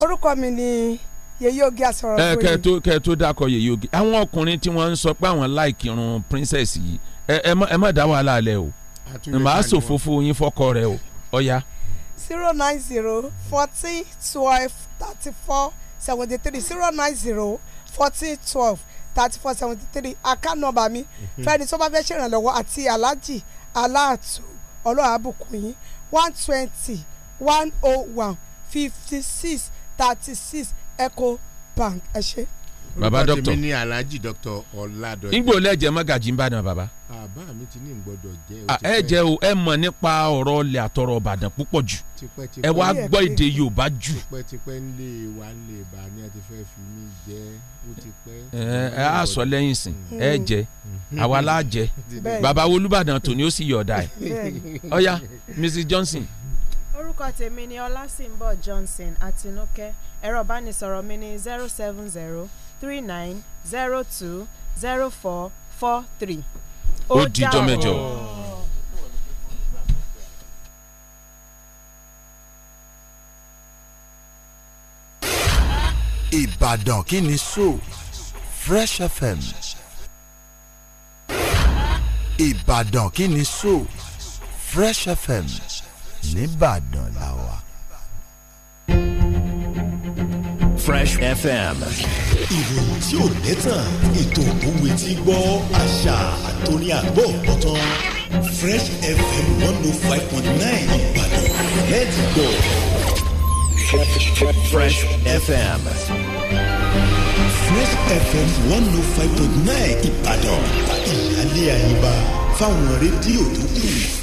orúkọ mi ni yèyí oge asọ̀rọ̀ lóye. kẹ tó kẹ tó dákọ yèyí oge àwọn ọkùnrin tí wọ́n ń sọ pé àwọn láìkì irun princess yìí ẹ má dá wàhálà alẹ o màá sòfófó yín fọkọ rẹ o ọ̀ya. zero nine zero fourteen twelve thirty four seventy three zero nine zero fourteen twelve thirty four seventy three account number mi mhm. fẹ́ni tó bá fẹ́ ṣèrànlọ́wọ́ àti aláàjì aláàtú ọlọ́àbùkún yín one twenty one oh one fifty six thirty six Echo bank ẹ ṣe. baba dókítà mi ni alhaji dókítà ọládọjẹ. ngbò lẹ́jẹ̀ mọ́gàjì ń bàdàn baba. àbá mi ti ní ìgbọ́dọ̀ jẹ́. ẹ jẹ́ o ẹ mọ̀ nípa ọ̀rọ̀ ilẹ̀ àtọ̀rọ̀ ìbàdàn púpọ̀ jù ẹ wá gbọ́ èdè yorùbá jù. tipẹ́tipẹ́ ń lé wa ń lè bá ní àti fẹ́ fi mí jẹ́ ó ti pẹ́. ẹ á sọ lẹ́yìn sìn mm. ẹ jẹ àwa la jẹ baba olúbàdàn tòní ó sì yọ̀ọ̀dà ẹ̀ ọ̀ya Mrs Johnson orúkọ tèmi ni ọlásìnbọ johnson àtinúkẹ́ ẹ̀rọ ìbánisọ̀rọ̀ mi ni zero seven zero three nine zero two zero four four three. ó dijọ́ mẹ́jọ. ìbàdàn kí ni so fresh fm ìbàdàn kí ni so fresh fm. Fresh FM nìbàdàn là wà. Fresh FM. ìròyìn tí ò lẹ́tàn ètò òwe tí gbọ́ àṣà àtòní àgbọ̀ ọ̀pọ̀tàn Fresh FM one oh five point nine ìbàdàn let's go. Fresh FM. Fresh FM one oh five point nine ìbàdàn ìyáálé àyíbá fáwọn rédíò tó kù.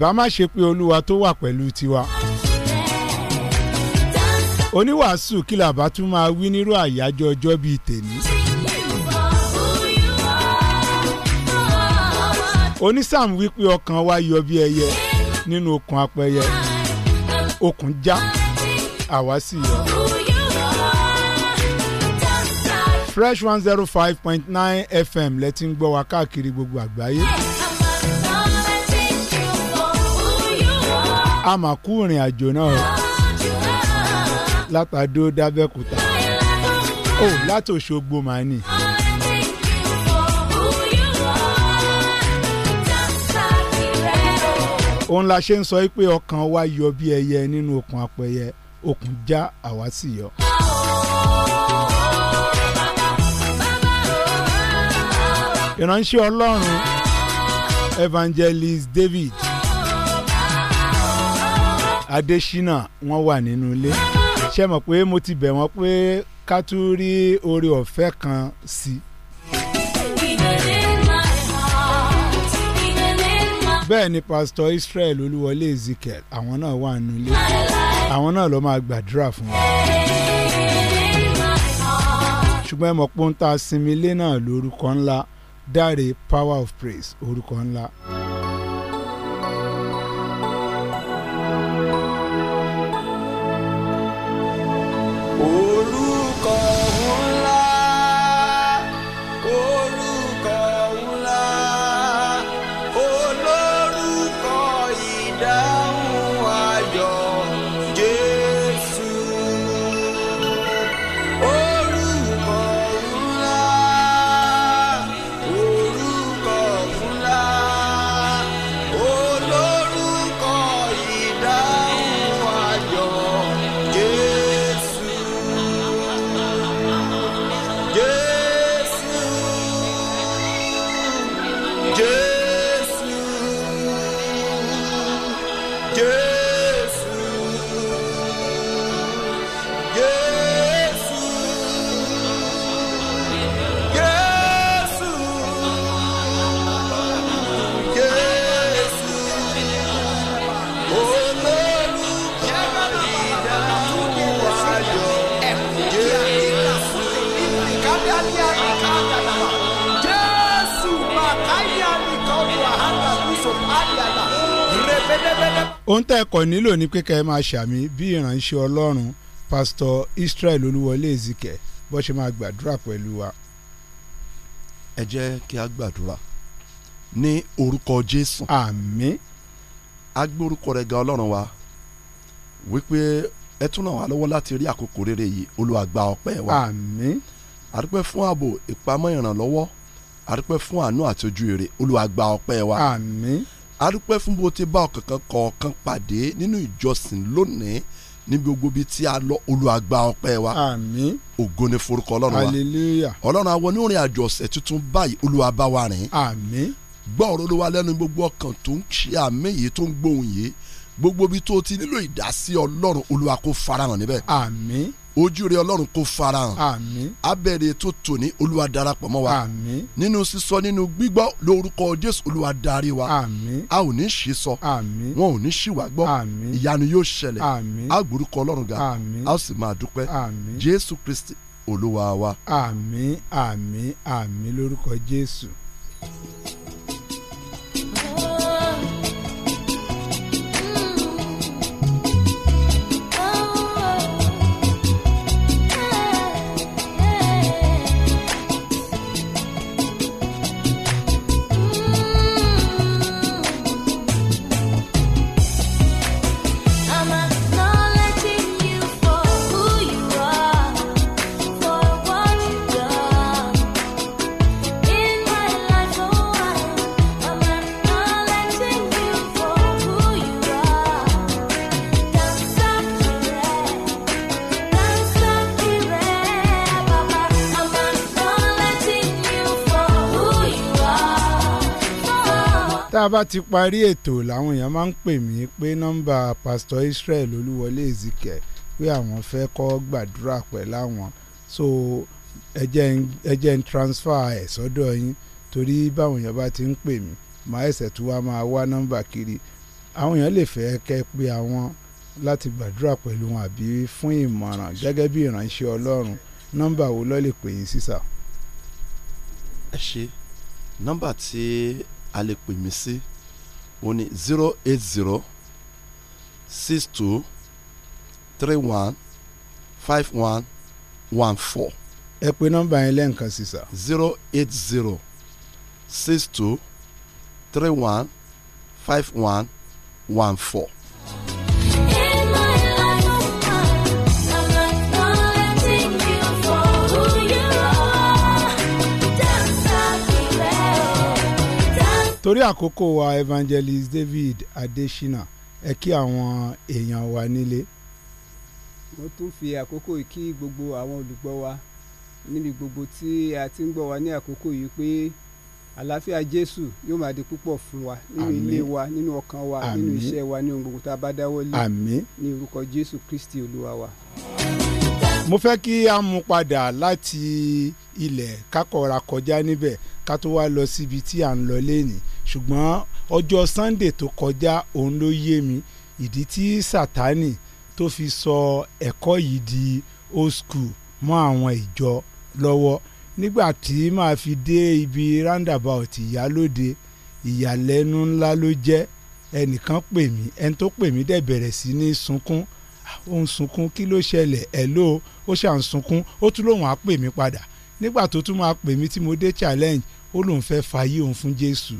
ìbá má ṣe pé olúwa tó wà pẹ̀lú tiwa. oníwàásù kìlà bá tún máa wí nírú àyájọ́ ọjọ́ bíi tèmi. onísàm wípé ọkàn wa yọ bí ẹyẹ nínú okùn apẹyẹ okùn já àwa sì yọ. fresh one zero five point nine fm lẹ́tí ń gbọ́ wa káàkiri gbogbo àgbáyé. a mà kú ìrìn àjò náà látàdó dábẹ́kúta ó látòṣogbo màá nì. òun la ṣe ń sọ pé ọkàn wa yọ bí ẹyẹ nínú okùn apẹyẹ okùn já àwa sì yọ. ìránṣẹ́ ọlọ́run evangelist David. Adésínà wọ́n wà nínú ilé ṣe mọ̀ pé mo ti bẹ̀ wọ́n pé ká tún rí oore ọ̀fẹ́ kan sí bẹ́ẹ̀ ni pásítọ̀ Israel Olúwọlé Ezekiel àwọn náà wà nínú ilé àwọn náà ló máa gbàdúrà fún wa. ṣùgbọ́n ẹ mọ̀ sinmi ilé náà lórúkọ ńlá Dáre Power of Praise orúkọ ńlá. ohun tẹ́ ẹ kọ́ nílò ní pé kẹ́ ẹ máa ṣàmì bí ìránṣẹ́ ọlọ́run pásítọ̀ Israel Olúwọlé Ezike bó ṣe máa gbàdúrà pẹ̀lú wa. ẹ jẹ́ kí a gbàdúrà ní orúkọ Jésù. àmì a gbé orúkọ rẹ̀ ga ọlọ́run wa wípé ẹ tún lọ́wọ́ láti rí rere yìí wa. àdúpẹ́ fún ààbò ìpamọ́ ìrànlọ́wọ́ àdúpẹ́ fún àánú àti ojú ire wa. arúpẹ́ fún bó ti bá ọ̀kọ̀ọ̀kan kọ̀ọ̀kan pàdé nínú ìjọsìn lónìí níbi gbogbo bíi tí a lọ olùwàgbà ọpẹ́ wa àmín ògo ni forúkọ ọlọ́run wa hallelujah ọlọ́run àwọn onírìn àjò ọ̀sẹ̀ tuntun báyìí olúwa bá wa rìn àmín gbọ́ ọ̀rọ̀ olúwa lẹ́nu gbogbo ọkàn tó ń ṣe àmì yìí tó ń gbóhùn yìí gbogbo bíi tó ti nílò ìdásí ọlọ́run olúwa kó farahàn níbẹ̀ àmín ojú rẹ ọlọ́run kò farahàn àmín abẹ́rẹ́ tó tò ní olúwa darapọ̀ mọ́ wa àmín nínú sísọ nínú gbígbọ́ lórúkọ jésù olúwa darí wa àmín a ò ní ṣì sọ wọn ò ní ṣì wá gbọ́ ìyanu yóò ṣẹlẹ̀ a gbórúkọ ọlọ́run ga a sì máa dúpẹ́ jésù kristi olúwa wa. àmín àmín àmín lórúkọ jésù. bá ti parí ètò làwọn èèyàn máa ń pè mí pé nọ́mbà pásítọ̀ Israel Olúwọlé Ezike pé àwọn fẹ́ kọ́ gbàdúrà pẹ̀lú àwọn so ẹ jẹ́ ń transfer ẹ̀ sọ́dọ̀ yín torí báwọn èèyàn bá ti ń pè mí màá ẹ̀sẹ̀ tó wá máa wá nọ́mbà kiri àwọn èèyàn lè fẹ́ kẹ́ pé àwọn láti gbàdúrà pẹ̀lú wọn àbí fún ìmọ̀ràn gẹ́gẹ́ bí ìránṣẹ́ Ọlọ́run nọ́mbà wo ló lè pè yín sísà. ẹ ṣe nọ́mbà tí a lè pè mí sí òun ni zero eight zero six two three one five one one four. ẹ pè nọ́mbà yẹn lẹ́ǹkan sí sà. zero eight zero six two three one five one one four. torí àkókò wa evangelist David Adesina ẹ kí àwọn èèyàn wa nílé. mo tún fi àkókò yìí kí gbogbo àwọn olùgbọ́ wa níbi gbogbo tí a ti ń gbọ́ wa ní àkókò yìí pé àlàáfíà jésù yóò máa di púpọ̀ fún wa nínú ilé wa nínú ọkàn wa nínú iṣẹ́ wa nínú gbogbo tá a bá dáwọ́ lé ní orúkọ jésù kristi olúwa wa. mo fẹ́ kí a mú padà láti ilẹ̀ kákọ̀ọ́ra kọjá níbẹ̀ ká tó wá lọ síbi tí à ń lọ lénìí ṣùgbọ́n ọjọ́ Sunday tó kọjá òun ló yé mi ìdí tí Sátánì tó fi sọ ẹ̀kọ́ yìí di old school mọ́ àwọn ìjọ lọ́wọ́ nígbà tí màá fi dé ibi roundabout ìyálóde ìyàlẹ́nu ńlá ló jẹ́ ẹnìkan pè mí ẹni tó pè mí dẹ̀ bẹ̀rẹ̀ sí ní sunkún ah, ó ń sunkún kí ló ṣẹlẹ̀ ẹ̀ ló ó ṣà ń sunkún ó tún lòun á pè mí padà nígbà tó tún máa pè mí tí mo dé challenge ó lòun fẹ́ fàyè òun fún Jésù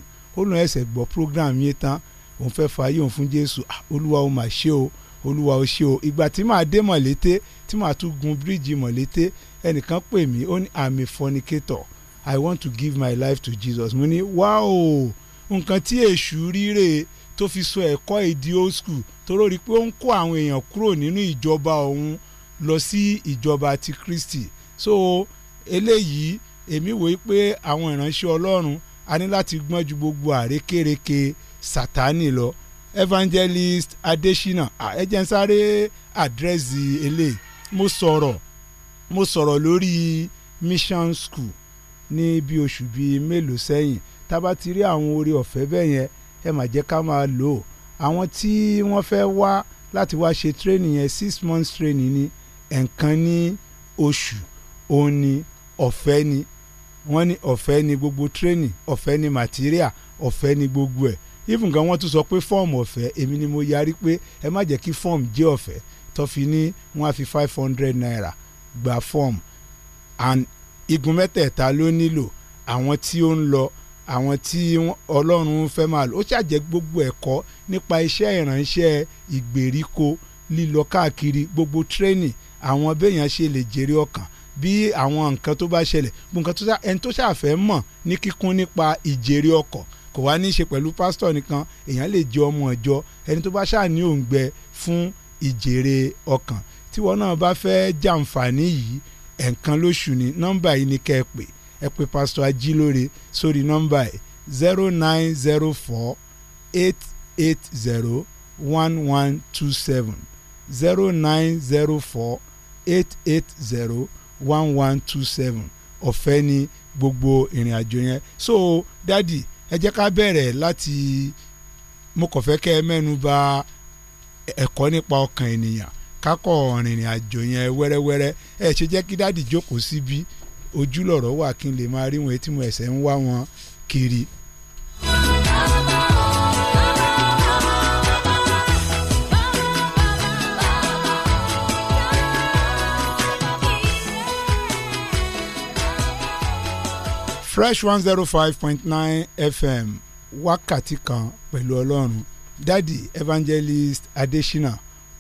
ó ẹsẹ̀ gbọ́ program yẹn tán òun fẹ́ fààyè òun fún jésù ah, olúwa ó mà ṣe o olúwa ó ṣe o ìgbà tí màá dé mọ̀lété tí màá tún gun bíríìjì mọ̀lété ẹnìkan pè mí ó ní i'm fornicator i want to give my life to jesus mo ní wáò nǹkan tí èṣù ríre tó fi sọ ẹ̀kọ́ èdè old school tó lórí pé ó ń kó àwọn èèyàn kúrò nínú ìjọba òun lọ sí ìjọba ti kristi so eléyìí èmi wòye pé àwọn ìránṣẹ́ ọlọ́run a ní láti gbọ́n ju gbogbo àrékérekè sátánì lọ evangelist adesina ẹ jẹ́ n sáré àdírẹ́sì eléyìí mo sọ̀rọ̀ mo sọ̀rọ̀ lórí mission school ní bí oṣù bíi mélòó sẹ́yìn tá a bá ti rí àwọn oore ọ̀fẹ́ bẹ́ẹ̀ yẹn ẹ mà jẹ́ ká máa lò ó àwọn tí wọ́n fẹ́ wá láti wá ṣe training yẹn six months training ni ẹ̀ǹkan ní oṣù òun ọ̀fẹ́ ni wọ́n ní ọ̀fẹ́ ni gbogbo training ọ̀fẹ́ ni material ọ̀fẹ́ ni gbogbo ẹ̀ even gan wọ́n tún sọ pé fọ́ọ̀mù ọ̀fẹ́ èmi ni mo yarí pé ẹ má jẹ́ kí fọ́ọ̀mù jẹ́ ọ̀fẹ́ tó ní wọ́n á fi five hundred naira gba fọ́ọ̀mù and igun mẹ́tẹ̀ẹ̀ta ló nílò àwọn tí ó ń lọ àwọn tí ọlọ́run fẹ́ máa lò ó ṣàjẹ́ gbogbo ẹ̀kọ́ nípa iṣẹ́ ìránṣẹ́ ìgbèríko lílọ káàkiri gbogbo training àwọn béèyàn ṣe lè jèrè ọkàn bí àwọn nǹkan tó bá ṣẹlẹ̀ nǹkan tó ẹni tó ṣàfẹ́ mọ̀ ní kíkún nípa ìjèrè ọkọ̀ kò wá ní í ṣe pẹ̀lú pásítọ̀ nìkan èèyàn lè jẹ ọmọ ọjọ́ ẹni tó bá ṣáà ní òǹgbẹ fún ìjèrè ọkàn tíwọ náà bá fẹ́ jàǹfààní yìí ẹ̀ẹ̀kan lóṣù ní nọ́mbà yìí ni kẹ́ ẹ pè ẹ pè pásítọ̀ ajílóore sórí nọ́mbà yìí zero nine zero four eight eight zero one one two seven zero nine zero four eight eight zero one one two seven ọ̀fẹ́ ni gbogbo ìrìn àjò yẹn so dadi ẹ jẹ́ ká bẹ̀rẹ̀ láti mo kàn fẹ́ kẹ́ ẹ mẹ́nu bà ẹ̀kọ́ nípa ọkàn ènìyàn kákọ̀ ìrìn àjò yẹn wẹ́rẹ́wẹ́rẹ́ ẹ ṣe jẹ́ kí dadi jókòó síbi ojúlọ̀rọ̀ wà kí n lè máa rí wọn etí mo ẹ̀sẹ̀ ń wá wọn kiri fresh one zero oh five point nine fm wákàtí kan pẹ̀lú ọlọ́run dadi evangelist adesina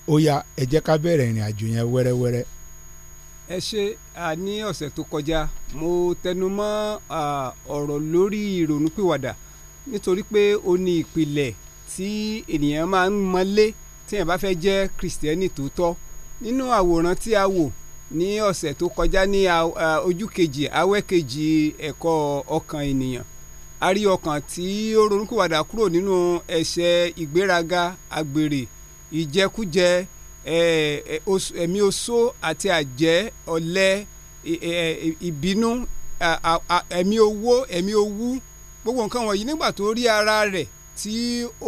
Oya yá ẹ jẹ́ ká bẹ̀rẹ̀ ìrìn àjò yẹn wẹ́rẹ́wẹ́rẹ́. ẹ ṣe a ní ọ̀sẹ̀ tó kọjá mo tẹnu mọ́ ọ̀rọ̀ lórí ìrònúpìwàdà nítorí pé ó ní ìpìlẹ̀ tí ènìyàn máa ń mọlé tí èèyàn bá fẹ́ jẹ́ kìrìsìtẹ́nì tòótọ́ nínú àwòrán tí a wò ní ọ̀sẹ̀ tó kọjá ní ojú kejì awẹ́ kejì ẹ̀kọ́ ọkàn ènìyàn a rí ọkàn tí ó ronúkúwàdà kúrò nínú ẹ̀ṣẹ̀ ìgbéraga àgbèrè ìjẹkújẹ ẹ̀mí oṣó àti àjẹ́ ọ̀lẹ ìbínú ẹ̀mí owó ẹ̀mí owú gbogbo nǹkan wọ̀nyí nígbà tó rí ara rẹ̀ tí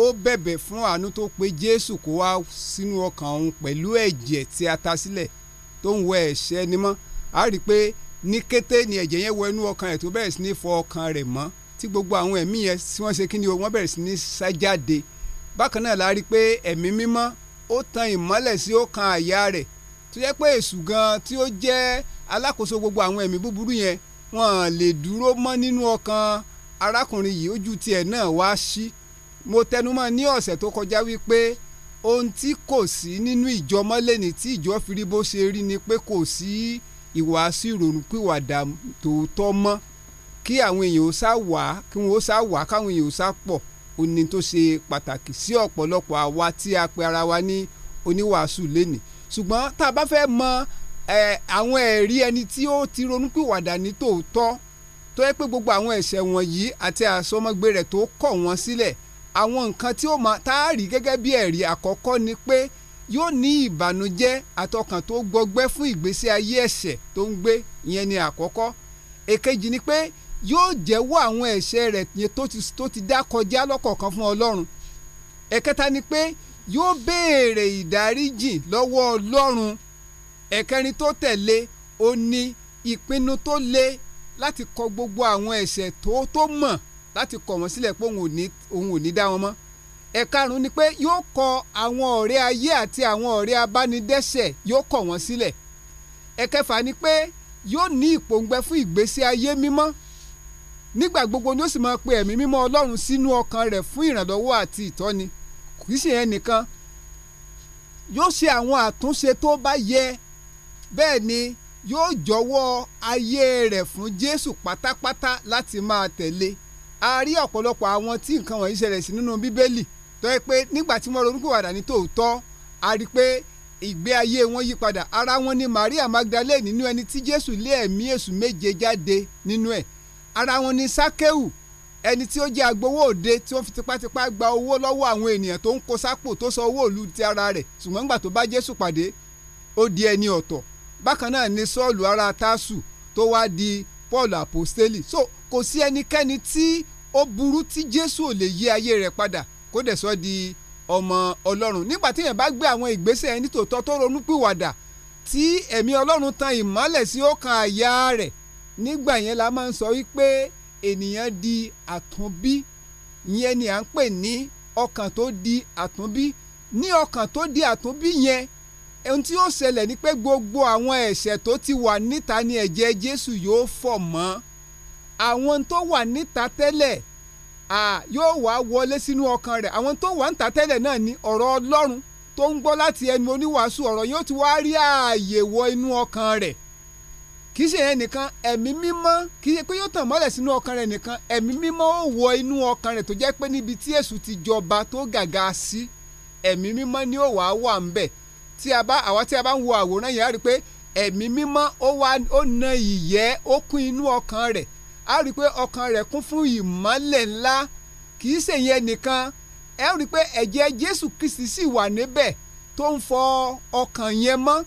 ó bẹ̀bẹ̀ fún àánú tó pe Jésù kó wá sínú ọkàn òun pẹ̀lú ẹ̀jẹ̀ tí a ta sílẹ̀ si tó ń wẹ ẹ̀ṣẹ̀ ẹni mọ́ a rí i pé ní kété ni ẹ̀jẹ̀ yẹn wọ inú ọkàn ẹ̀ tó bẹ̀rẹ̀ sí ní fọ ọkàn rẹ̀ mọ́ tí gbogbo àwọn ẹ̀mí yẹn tí wọ́n ṣe kí ni o wọ́n bẹ̀rẹ̀ sí ní sá jáde bákan náà la rí i pé ẹ̀mí mímọ́ ó tan ìmọ́lẹ̀ sí ọkàn àyà rẹ̀ tó yẹ pé èṣù gan tí ó jẹ́ alákòóso gbogbo àwọn ẹ̀mí búburú yẹn wọn lè dúró mọ́ nínú ọkàn arákùnrin yìí ojú tiẹ̀ náà wá sí mo tẹnumọ́ ní ọ̀sẹ̀ tó kọjá wípé ohun tí kò sí nínú ìjọ mọ́lẹ́ni tí ìjọ fi bó ṣe rí ni pé kò sí ìwàásù ìrònúpìwàdà tòótọ́ mọ́ kí àwọn èèyàn ó sá wá kí wọ́n ó sá wá káwọn èèyàn ó sá pọ̀ ó ní tó ṣe pàtàkì sí ọ̀pọ̀lọpọ̀ àwa tí a pe ara wa ní oníwàásù lẹ́nìí ṣùgbọ́n tá a bá fẹ́ mọ àwọn ẹ̀rí ẹni tí ó ti ronúpìwàdà ní tòótọ́ tó yẹ pé gbogbo àwọn ẹ̀ṣẹ̀ wọ̀nyí àti àsọmọgbé rẹ̀ tó kọ̀ wọ́n sílẹ̀ àwọn nǹkan tí ó máa tá a rí gẹ́gẹ́ bí ẹ̀rí àkọ́kọ́ ni pé yóò ní ìbànújẹ́ àtọkàn tó gbọgbẹ́ fún ìgbésí ayé ẹ̀ṣẹ̀ tó ń gbé ìyẹn ni àkọ́kọ́ èkejì ni pé yóò jẹ́wọ́ àwọn ẹ̀ṣẹ̀ rẹ̀ yẹn tó ti dá kọjá lọ́kọ̀ọ̀kan fún ọlọ́run ẹ̀kẹta ni pé yóò béèrè ìdáríjì lọ́wọ́ ọlọ́run ẹ̀kẹrin tó tẹ̀lé ó ní ìpinnu tó le láti kọ gbogbo àwọn ẹ̀ṣẹ̀ tó tó mọ̀ láti kọ̀ wọ́n sílẹ̀ pé òun ò ní dá wọn mọ́ ẹ̀karùn-ún ni pé yóò kọ àwọn ọ̀rẹ́ ayé àti àwọn ọ̀rẹ́ abánidẹ́sẹ̀ yóò kọ̀ wọ́n sílẹ̀ ẹ̀kẹfà ni pé yóò ní ìpòǹgbẹ fún ìgbésí ayé mímọ́ nígbà gbogbo ni ó sì máa pe ẹ̀mí mímọ́ ọlọ́run sínú ọkàn rẹ̀ fún ìrànlọ́wọ́ àti ìtọ́ni kì í ṣe yẹn nìkan yóò ṣe àwọn àtúnṣe tó bá yẹ bẹ́ẹ̀ ni yóò jọ̀wọ́ ayé rẹ̀ fún Jésù pátápátá láti máa tẹ̀lé a rí ọ̀pọ̀lọpọ̀ àwọn tí nǹkan wọ̀nyí ṣẹlẹ̀ sí nínú bíbélì tó yẹ pé nígbà tí wọ́n ronúpìwàdà ní tòótọ́ a rí pé ìgbé ayé wọn yí padà ara wọn ni Maria Magdalene nínú ẹni tí Jésù lé ẹ̀mí èṣù méje jáde nínú ẹ̀ ara wọn ni Sákéù ẹni tí ó jẹ́ agbowó òde tí wọ́n fi tipátipá gba owó lọ́wọ́ àwọn ènìyàn tó ń kó sápò tó sọ owó òlu ti ara rẹ̀ ṣùgbọ́n nígbà tó bá Jésù pàdé ó di ẹni ọ̀tọ̀ bákan náà ni Sọ́ọ̀lù ará Tásù tó wá di Paul apostoli, so kò sí ẹnikẹ́ni tí ó burú tí jésù ò lè yí ayé rẹ̀ padà kó dẹ̀ sọ di ọmọ ọlọ́run nígbà tí èèyàn bá gbé àwọn ìgbésẹ̀ ẹni tòótọ́ tó ronú pìwàdà tí ẹ̀mí ọlọ́run tan ìmọ́lẹ̀ sí ọkàn àyà rẹ̀ nígbà yẹn la máa ń sọ wípé ènìyàn di àtúnbí yẹn ni à ń pè ní ọkàn tó di àtúnbí ní ọkàn tó di àtúnbí yẹn ohun tí ó ṣẹlẹ̀ ni pé gbogbo àwọn ẹ̀ṣẹ̀ tó ti wà níta ni ẹ̀jẹ̀ jésù yóò fọ̀ mọ́ àwọn tó wà níta tẹ́lẹ̀ yóò wá wọlé sínú ọkàn rẹ̀ àwọn tó wà ń ta tẹ́lẹ̀ náà ni ọ̀rọ̀ ọlọ́run tó ń gbọ́ láti ẹnu oníwàásù ọ̀rọ̀ yóò ti wá rí ààyè wọ inú ọkàn rẹ̀ kì í ṣe yẹn nìkan ẹ̀mí mímọ́ kì í ṣe pé yóò tàn mọ́lẹ̀ sínú ọkàn rẹ̀ nìkan ẹ̀mí mímọ́ ó wọ inú ọkàn rẹ̀ tó jẹ́ pé níbi tí èṣù ti jọba tó gàga sí ẹ̀mí mímọ́ ni ó wàá wà ń bẹ̀ tí a bá àwa tí a bá ń wo àwòrán yẹn á rí i pé ẹ̀mí mímọ́ ó wà ó na ìyẹ́ ó kún inú ọkàn rẹ̀ a rí i pé ọkàn rẹ̀ kún fún ìmọ́lẹ̀ ńlá kì í ṣe yẹn nìkan ẹ rí i pé ẹ̀jẹ̀ Jésù Kristi sì wà níbẹ̀ tó ń fọ ọkàn yẹn mọ́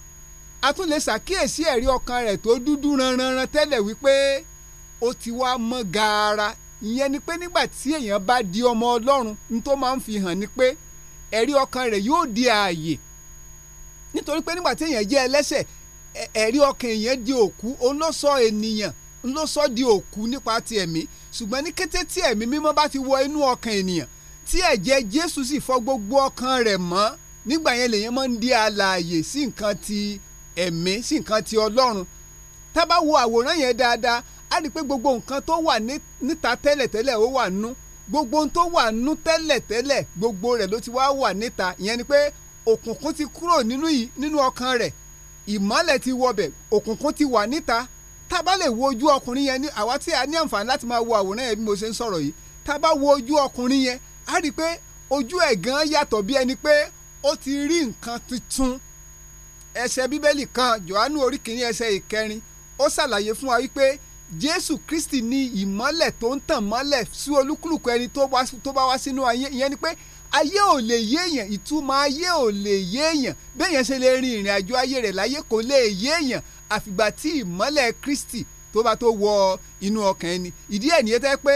a tún lè ṣàkíyèsí ẹ̀rí ọkàn rẹ̀ tó dúdú ranranran tẹ́lẹ̀ wípé ó ti wá mọ́ gaara ìyẹn ni pé nígbà tí èèyàn bá di ọmọ Ọlọ́run ní tó máa ń fi hàn ni pé ẹ̀rí ọkàn rẹ̀ yóò di ààyè nítorí pé nígbà tí èèyàn jẹ́ ẹlẹ́ṣẹ̀ ẹ̀rí ọkàn èèyàn di òkú òun ló ènìyàn ń ló sọ di òkú nípa ti ẹ̀mí ṣùgbọ́n ní kété tí ẹ̀mí mímọ́ bá ti wọ inú ọkàn ènìyàn tí ẹ̀jẹ̀ Jésù sì fọ gbogbo ọkàn rẹ̀ mọ́ nígbà yẹn lèyẹn máa ń di alààyè sí nǹkan ti ẹ̀mí sí nǹkan ti Ọlọ́run tá bá wo àwòrán yẹn dáadáa á rí i pé gbogbo nǹkan tó wà níta tẹ́lẹ̀tẹ́lẹ̀ ó wà nú gbogbo tó wà nú tẹ́lẹ̀tẹ́lẹ̀ gbogbo rẹ̀ ló ti wá wà níta ìyẹn ni pé òkùnkùn ti kúrò nínú ọkàn rẹ̀ ìmọ́lẹ̀ ti wọbẹ̀ òkùnkùn ti wà níta tá a bá lè wo ojú ọkùnrin yẹn ní àwa tí a ní àǹfààní láti máa wo àwòrán yẹn bí mo ṣe ń sọ̀rọ̀ yìí tá a bá wo ojú ọkùnrin yẹn á rí i pé ojú ẹ̀ gan yàtọ̀ bí ẹni pé ó ti rí nǹkan tuntun ẹsẹ̀ bíbélì kan Jòhánù orí kìíní ẹsẹ̀ ìkẹrin ó ṣàlàyé fún wa wípé Jésù Kristi ni ìmọ́lẹ̀ tó ń tàn mọ́lẹ̀ sí olúkúlùkù ẹni tó bá wá sínú ayé ìyẹn ni pé ayé ò lè yé èèyàn ìtumọ̀ ayé ò lè yé èèyàn bẹ́ẹ̀ yẹn ṣe lè rin ìrìn àjò ayé rẹ̀ láyé kò lè yé èèyàn àfìgbà tí ìmọ́lẹ̀ Kristi tó bá tó wọ inú ọkàn ẹni ìdí ẹ̀ nìyẹn tẹ́ pé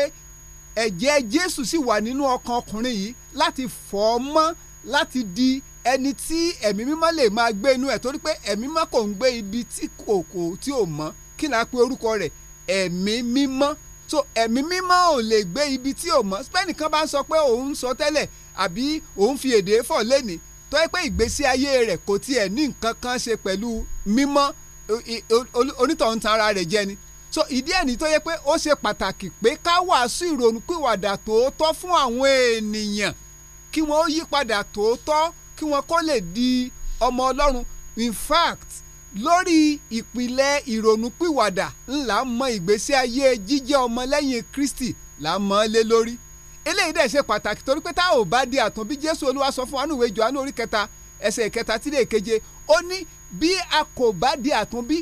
ẹ̀jẹ̀ Jésù sì wà nínú ọkàn ọkùnrin yìí láti fọ̀ ọ́ mọ́ láti di ẹni tí ẹ̀mí mímọ́ lè máa gbé inú ẹ̀ torí pé ẹ̀mí mímọ́ kò ń gbé ibi tí kò kò tí ò mọ́ kí ni a pe orúkọ rẹ̀ ẹ̀mí mímọ́ so ẹ̀mí mímọ́ ò lè gbé ibi tí ò mọ́ spẹ́nì kan bá ń sọ pé òun sọ tẹ́lẹ̀ àbí òun fi èdè fọ̀ lẹ́nìí tó yẹ pé ìgbésí ayé rẹ̀ kò tiẹ̀ ní nǹkan kan ṣe pẹ̀lú mímọ́ onítọ̀hún tan ara rẹ̀ jẹ ni so ìdí ẹ̀ ní tó yẹ pé ó ṣe pàtàkì pé ká wàásù ìrònúpìwàdà tòótọ́ fún àwọn ènìyàn kí wọ́n yí padà tòótọ́ kí wọ́n kó lè di ọmọ ọlọ́run in fact lórí ìpìlẹ̀ ìrònúpìwàdà ńlá mọ ìgbésí ayé jíjẹ́ ọmọlẹ́yìn Kristi là mọ́ lé lórí eléyìí dẹ̀ ṣe pàtàkì torí pé tá ò bá di àtúnbí Jésù Olúwa sọ fún wa nínú ìwé Jòhánù orí kẹta ẹsẹ̀ ìkẹta tí lè keje ó ní bí a kò bá di àtúnbí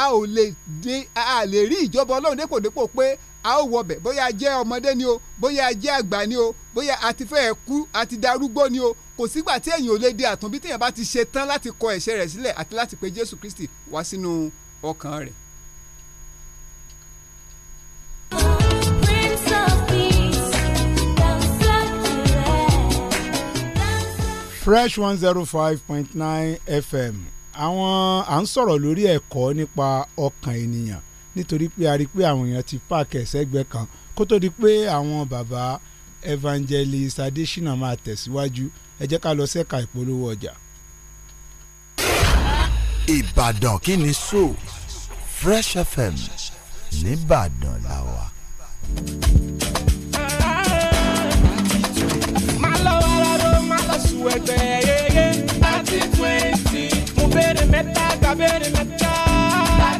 a ò lè de a lè rí ìjọba ọlọ́run dépò dépò pé a ó wọbẹ̀ bóyá jẹ́ ọmọdé ni o bóyá jẹ́ àgbà ni o bóyá a ti fẹ́ kú a ti darúgbó ni o kò sígbà tí èyàn ò lè di àtúnbí téèyàn bá ti ṣe tán láti kọ ẹ̀ṣẹ̀ rẹ̀ sílẹ̀ àti láti pe Jésù Kristi wá sínú ọkàn rẹ̀. Fresh one zero five point nine FM àwọn à ń sọ̀rọ̀ lórí ẹ̀kọ́ nípa ọkàn ènìyàn nítorí pé a rí pé àwọn èèyàn ti páàkì ẹ̀sẹ̀gbẹ́ kan kó tó di pé àwọn bàbá evangelist Adésínà máa tẹ̀síwájú ẹ jẹ́ ká lọ sẹ́ka ìpolówó ọjà. Ìbàdàn kí ni so Fresh FM nìbàdàn làwà. máa lọ wàrà ló máa lọ sùn ẹgbẹ́. kàbéèrè mẹ́ta.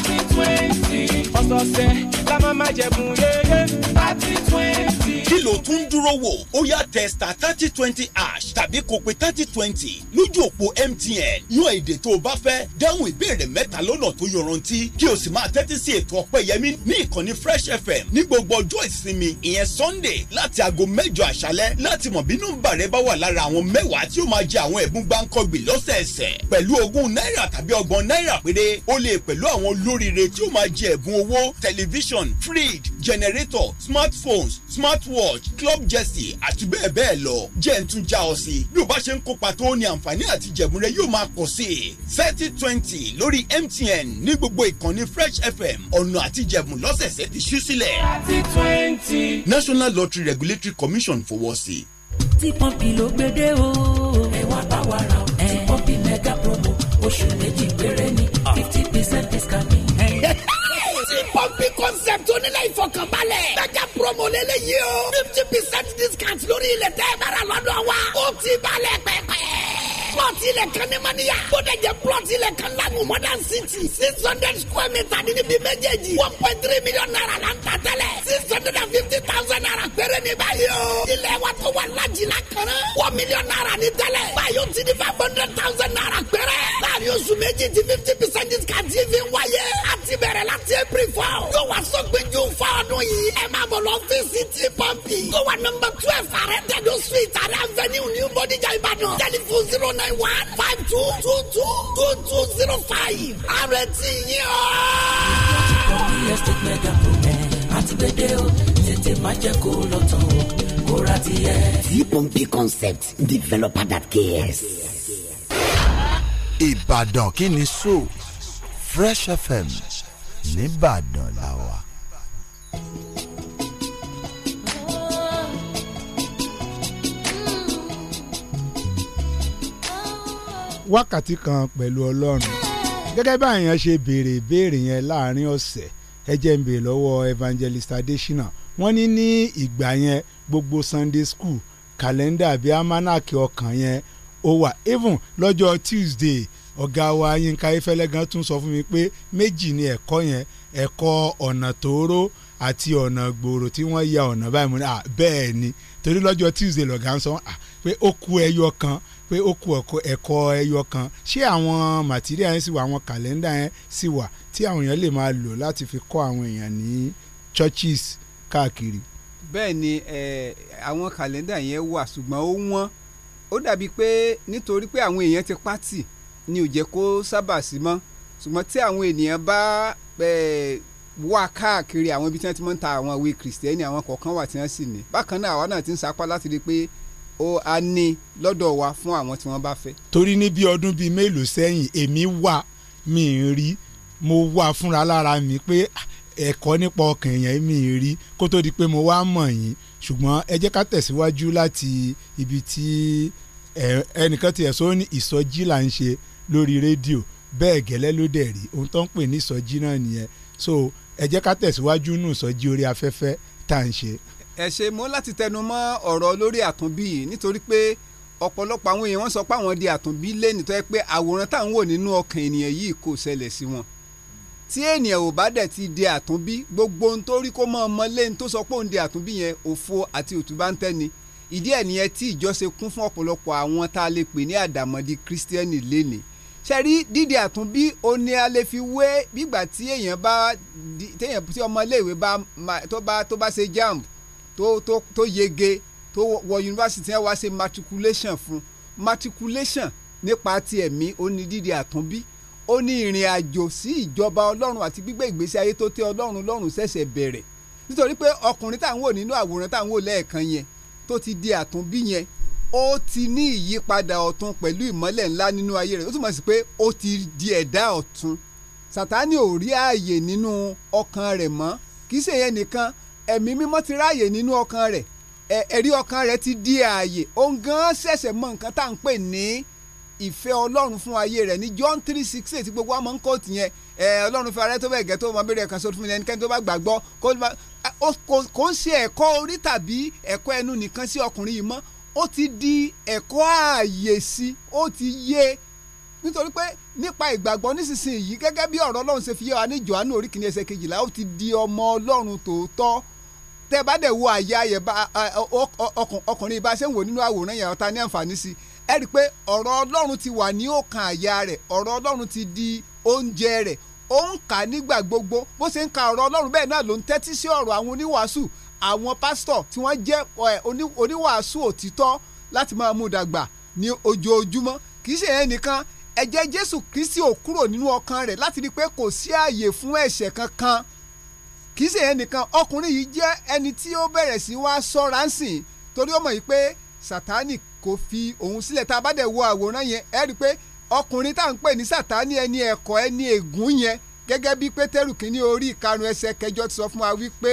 thirty twenty ọ̀sọ̀ọ̀sẹ̀ ká má jẹ̀bùn yéyé thirty twenty. kí ló tún dúró wò ó yá testa thirty twenty ash tàbí kó pe thirty twenty lójú òpó MTN yan èdè tó o bá fẹ́ dáhùn ìbéèrè mẹ́ta lọ́nà tó yọrantí kí o sì máa tẹ́tí sí ètò ọpẹ́yẹmí ní ìkànnì Fresh FM ní gbogbo ọjọ́ ìsinmi ìyẹn Sunday láti aago mẹ́jọ àṣálẹ́ láti mọ̀ bí nọ́mbà rẹ bá wà lára àwọn mẹ́wàá tí ó máa jẹ àwọn ẹ̀bùn gbáǹkọ́gbìn lọ́sẹ̀ẹsẹ̀ pẹ̀lú ogún náírà tàbí ọgbọ̀n náírà péré ó lè pẹ̀lú àwọn olóríire tí ó máa jẹ ẹ̀bùn owó tẹlifíṣàn television fridge generator smartphones smartwatch club jersey àti bẹ́ẹ̀ bẹ́ẹ̀ lọ jẹ́ ń tún já ọ sí bí o bá ṣe ń kópa tó ní àǹfààní àti jẹ̀bùn rẹ yóò máa pọ̀ sí i thirty twenty lórí MTN ní gbogbo ìkànnì Fresh FM ọ̀nà àti jẹ̀bùn lọ́sẹ̀ẹ̀sẹ̀ ti ṣú sílẹ̀. thirty twenty. National Lottery Regulatory Commission fọwọ́ sí. tí pọ́ǹpì ló gbé dé o. ẹ wá bá wa ra ọ tí pọ́ǹpì mega promo oṣù méjì péré ní ah. fifty percent discount ni pọ́ǹpì concept onílẹ̀ ìfọkànbalẹ̀. gbẹ̀jà promo lélẹ́yìí o fifty percent discount lórí ilẹ̀ tẹ́ bára lọ́dọ̀ wa ó ti balẹ̀ pẹ́pẹ́ plọ̀tì ilẹ̀ kan ní Mọ́níyà. Bódèjẹ plọ̀tì ilẹ̀ kan lánàá Modern City. Six hundred square meter ní níbi méjèèjì. One point three million naira la ń ta tẹ́lẹ̀. Six hundred and fifty thousand naira péré ní báyìí o. Ilẹ̀ wa tó wà lájìlá kan. One million naira ní tẹ́lẹ̀. Báyìí o ti di five hundred thousand naira péré. Láàrin oṣù méjì ti fifty percent discount yìí fi wáyé. A ti bẹ̀rẹ̀ láti April four. Yóò wá sọ pé ju fa ọdún yìí. Ẹ máa bọ̀ lọ ọ́fíìsì ti pọ́ǹpì. Yóò wà nọmba twelve àrẹ tẹ̀dọ̀ suwit àrẹ avenue New Bodija Ìbàdàn. Tẹlifon zero nine nine one five two two two two two zero five. àrètí yín o. àti gbèdé o tètè má jẹ́ kó lọ tán o kó ra tiẹ̀. tí pọ́ǹpì concept developer that cares. ìbàdàn kí ni so fresh fm nìbàdàn làwà. thank you wákàtí kan pẹ̀lú ọlọ́run gẹ́gẹ́ bá èèyàn ṣe béèrè ìbéèrè yẹn láàrin ọ̀sẹ̀ ẹ jẹ́ ń béèrè lọ́wọ́ evangelist adesina wọ́n ní ní ìgbà yẹn gbogbo sunday school kàlẹ́ndà àbí amánàkì ọkàn yẹn ó wà even lọ́jọ́ tuesday ọ̀gá wa yínká ifẹ̀lẹ́ gan tún sọ fún mi pé méjì ni ẹ̀kọ́ yẹn ẹ̀kọ́ ọ̀nà tóóró àti ọ̀nà gbòòrò tí wọ́n ya ọ̀nà báyìí mo ní bẹ́ẹ̀ ni torí lọ́jọ́ tuesday lọ̀gá ń sọ pé ó kù ẹyọ kan pé ó kù ẹ̀kọ́ ẹyọ kan ṣé àwọn màtíríà yẹn sì wà àwọn kàlẹ́ndà yẹn sì wà tí àwọn èèyàn lè máa lò láti fi kọ́ àwọn èèyàn ní churches káàkiri. bẹ́ẹ̀ ni àwọn kàlẹ́ndà yẹn wà ṣùgbọ́n ó wọ́n ó dàbí pé nítorí pé àwọn èèyàn ti pátì ni ò jẹ́ kó sábà sí mọ́ ṣùgbọ́n tí àwọn ènìyàn bá wá káàkiri àwọn ibi tí wọ́n ti máa ń ta àwọn ìwé kìrìsìtẹ́nì àwọn kọ̀ọ̀kan wà tí wọ́n sì ní bákan náà àwa náà ti ń sapá láti rí i pé ó a ní lọ́dọ̀ wa fún àwọn tí wọ́n bá fẹ́. torí ní bí ọdún bíi mélòó sẹ́yìn èmi wà mí rí mo wà fúnra lára mi pé ah, ẹ̀kọ́ nípa ọkàn èèyàn mi rí kó tó di pé mo wá mọ̀ yín ṣùgbọ́n ẹ jẹ́ ká tẹ̀síwájú láti ibi tí ẹnìkan tiẹ̀ sọ ní ìsọjí là ń ṣe lórí rédíò bẹ́ẹ̀ gẹ́lẹ́ ló dẹ̀ rí ohun tó ń pè ní ìsọjí náà nìyẹn so ẹ jẹ́ ká tẹ̀síwájú nù ìsọjí orí afẹ́fẹ́ tá à ń ṣe ẹ ṣe mọ́ láti tẹnu mọ́ ọ̀rọ̀ lórí àtúnbí yìí nítorí pé ọ̀pọ̀lọpọ̀ àwọn èèyàn wọ́n sọ pé àwọn di àtúnbí lẹ́ni tó yẹ pé àwòrán táwọn wò nínú ọkàn ènìyàn yìí kò ṣẹlẹ̀ sí wọn tí ènìyàn ò bá dẹ̀ ti di àtúnbí gbogbo ohun tó rí kó mọ́ ọmọ lẹ́ni tó sọ pé òun di àtúnbí yẹn òfo àti òtúbá ń tẹ́ni ìdí ẹ̀ nìyẹn tí ìjọsìn kún fún ọ̀pọ̀lọpọ̀ àwọn tá a lè pè ní àdàmọ̀dì kírísítẹ́nì lẹ́ni ṣẹ́rí dídì àtúnbí ó ní a lè fi wé bígbà tí èèyàn bá tí ọmọ iléèwé bá tó bá ṣe jamb tó tó tó yege tó wọ yunifásitì yẹn wá ṣe matriculation fún matriculation nípa ti ẹ̀mí ó ní dídì àtúnbí ó ní ìrìn àjò sí ìjọba ọlọ́run àti gbígbé ìgbésí ayé tó tẹ́ ọlọ́run lọ́rùn ṣẹ̀ṣẹ̀ bẹ̀rẹ̀ nítorí pé ọkùnrin tá à ń wò nínú àwòrán tá à ń wò lẹ́ẹ̀kan yẹn tó ti di àtúnbí yẹn ó ti ní ìyípadà ọ̀tun pẹ̀lú ìmọ́lẹ̀ ńlá nínú ayé rẹ̀ ó túmọ̀ sí pé ó ti di ẹ̀dá ọ̀tun sàtánì ò rí ààyè nínú ọkàn rẹ̀ mọ́ kì í ṣe yẹn nìkan ẹ̀mí mímọ́ ti ráàyè nínú ọkàn rẹ̀ ẹ̀rí ọkàn rẹ̀ ti di ààyè òun gan ṣẹ̀ṣẹ̀ mọ nǹkan tá à ń pè ní ìfẹ́ ọlọ́run fún ayé rẹ̀ ní John three six eight gbogbo àmọ́ ń kóòtù yẹn ọlọ́run fún arẹ́ tó bẹ̀ gẹ́ tó mọ abẹ́rẹ́ kan sọ́tún fún ẹnikẹ́ni tó bá gbàgbọ́ kò ń ṣe ẹ̀kọ́ orí tàbí ẹ̀kọ́ ẹnu nìkan sí ọkùnrin yìí mọ́ ó ti di ẹ̀kọ́ ààyè sí ó ti yé nítorí pé nípa ìgbàgbọ́ nísinsìnyí gẹ́gẹ́ bí ọ̀rọ̀ ọlọ́run ṣe fi yé wa ní Jòhánù orí kìíní ẹsẹ̀ kejìlá ó ti di ọmọ ọlọ́run tòótọ́ tẹ́ bá dẹ̀ wo àyà yẹ ọkùnrin bá ṣe ń wò nínú àwòrán yẹn ọ̀tá ní àǹfààní sí ẹ rí i pé ọ̀rọ̀ ọlọ́run ti wà ní ọkàn àyà rẹ̀ ọ̀rọ̀ ọlọ́run ti di oúnjẹ rẹ̀ ó ń kà nígbà gbogbo bó ṣe ń ka ọ̀rọ̀ ọlọ́run bẹ́ẹ̀ náà ló ń tẹ́tí sí ọ̀rọ̀ àwọn oníwàásù àwọn pásítọ̀ tí wọ́n jẹ́ oníwàásù òtítọ́ láti máa mú dàgbà ní ojoojúmọ́ kì í ṣe yẹn nìkan ẹ̀jẹ̀ jésù kristi ò kúrò nínú ọkàn rẹ̀ láti rí i pé kò sí ààyè fún ẹ̀ṣẹ̀ kankan kì í ṣe ẹnìkan ọkùnrin yìí jẹ́ ẹni tí ó bẹ̀rẹ̀ sí wá sọ́ra ń sìn torí ó mọ̀ yìí pé sátánì kò fi òun sílẹ̀ tá a bá dẹ̀ wo àwòrán yẹn ẹ rí i pé ọkùnrin tá à ń pè ní sátánì ẹni ẹ̀kọ́ ẹni ègún yẹn gẹ́gẹ́ bí pétérù kínní orí ìkarùn ẹsẹ̀ kẹjọ ti sọ fún wa wípé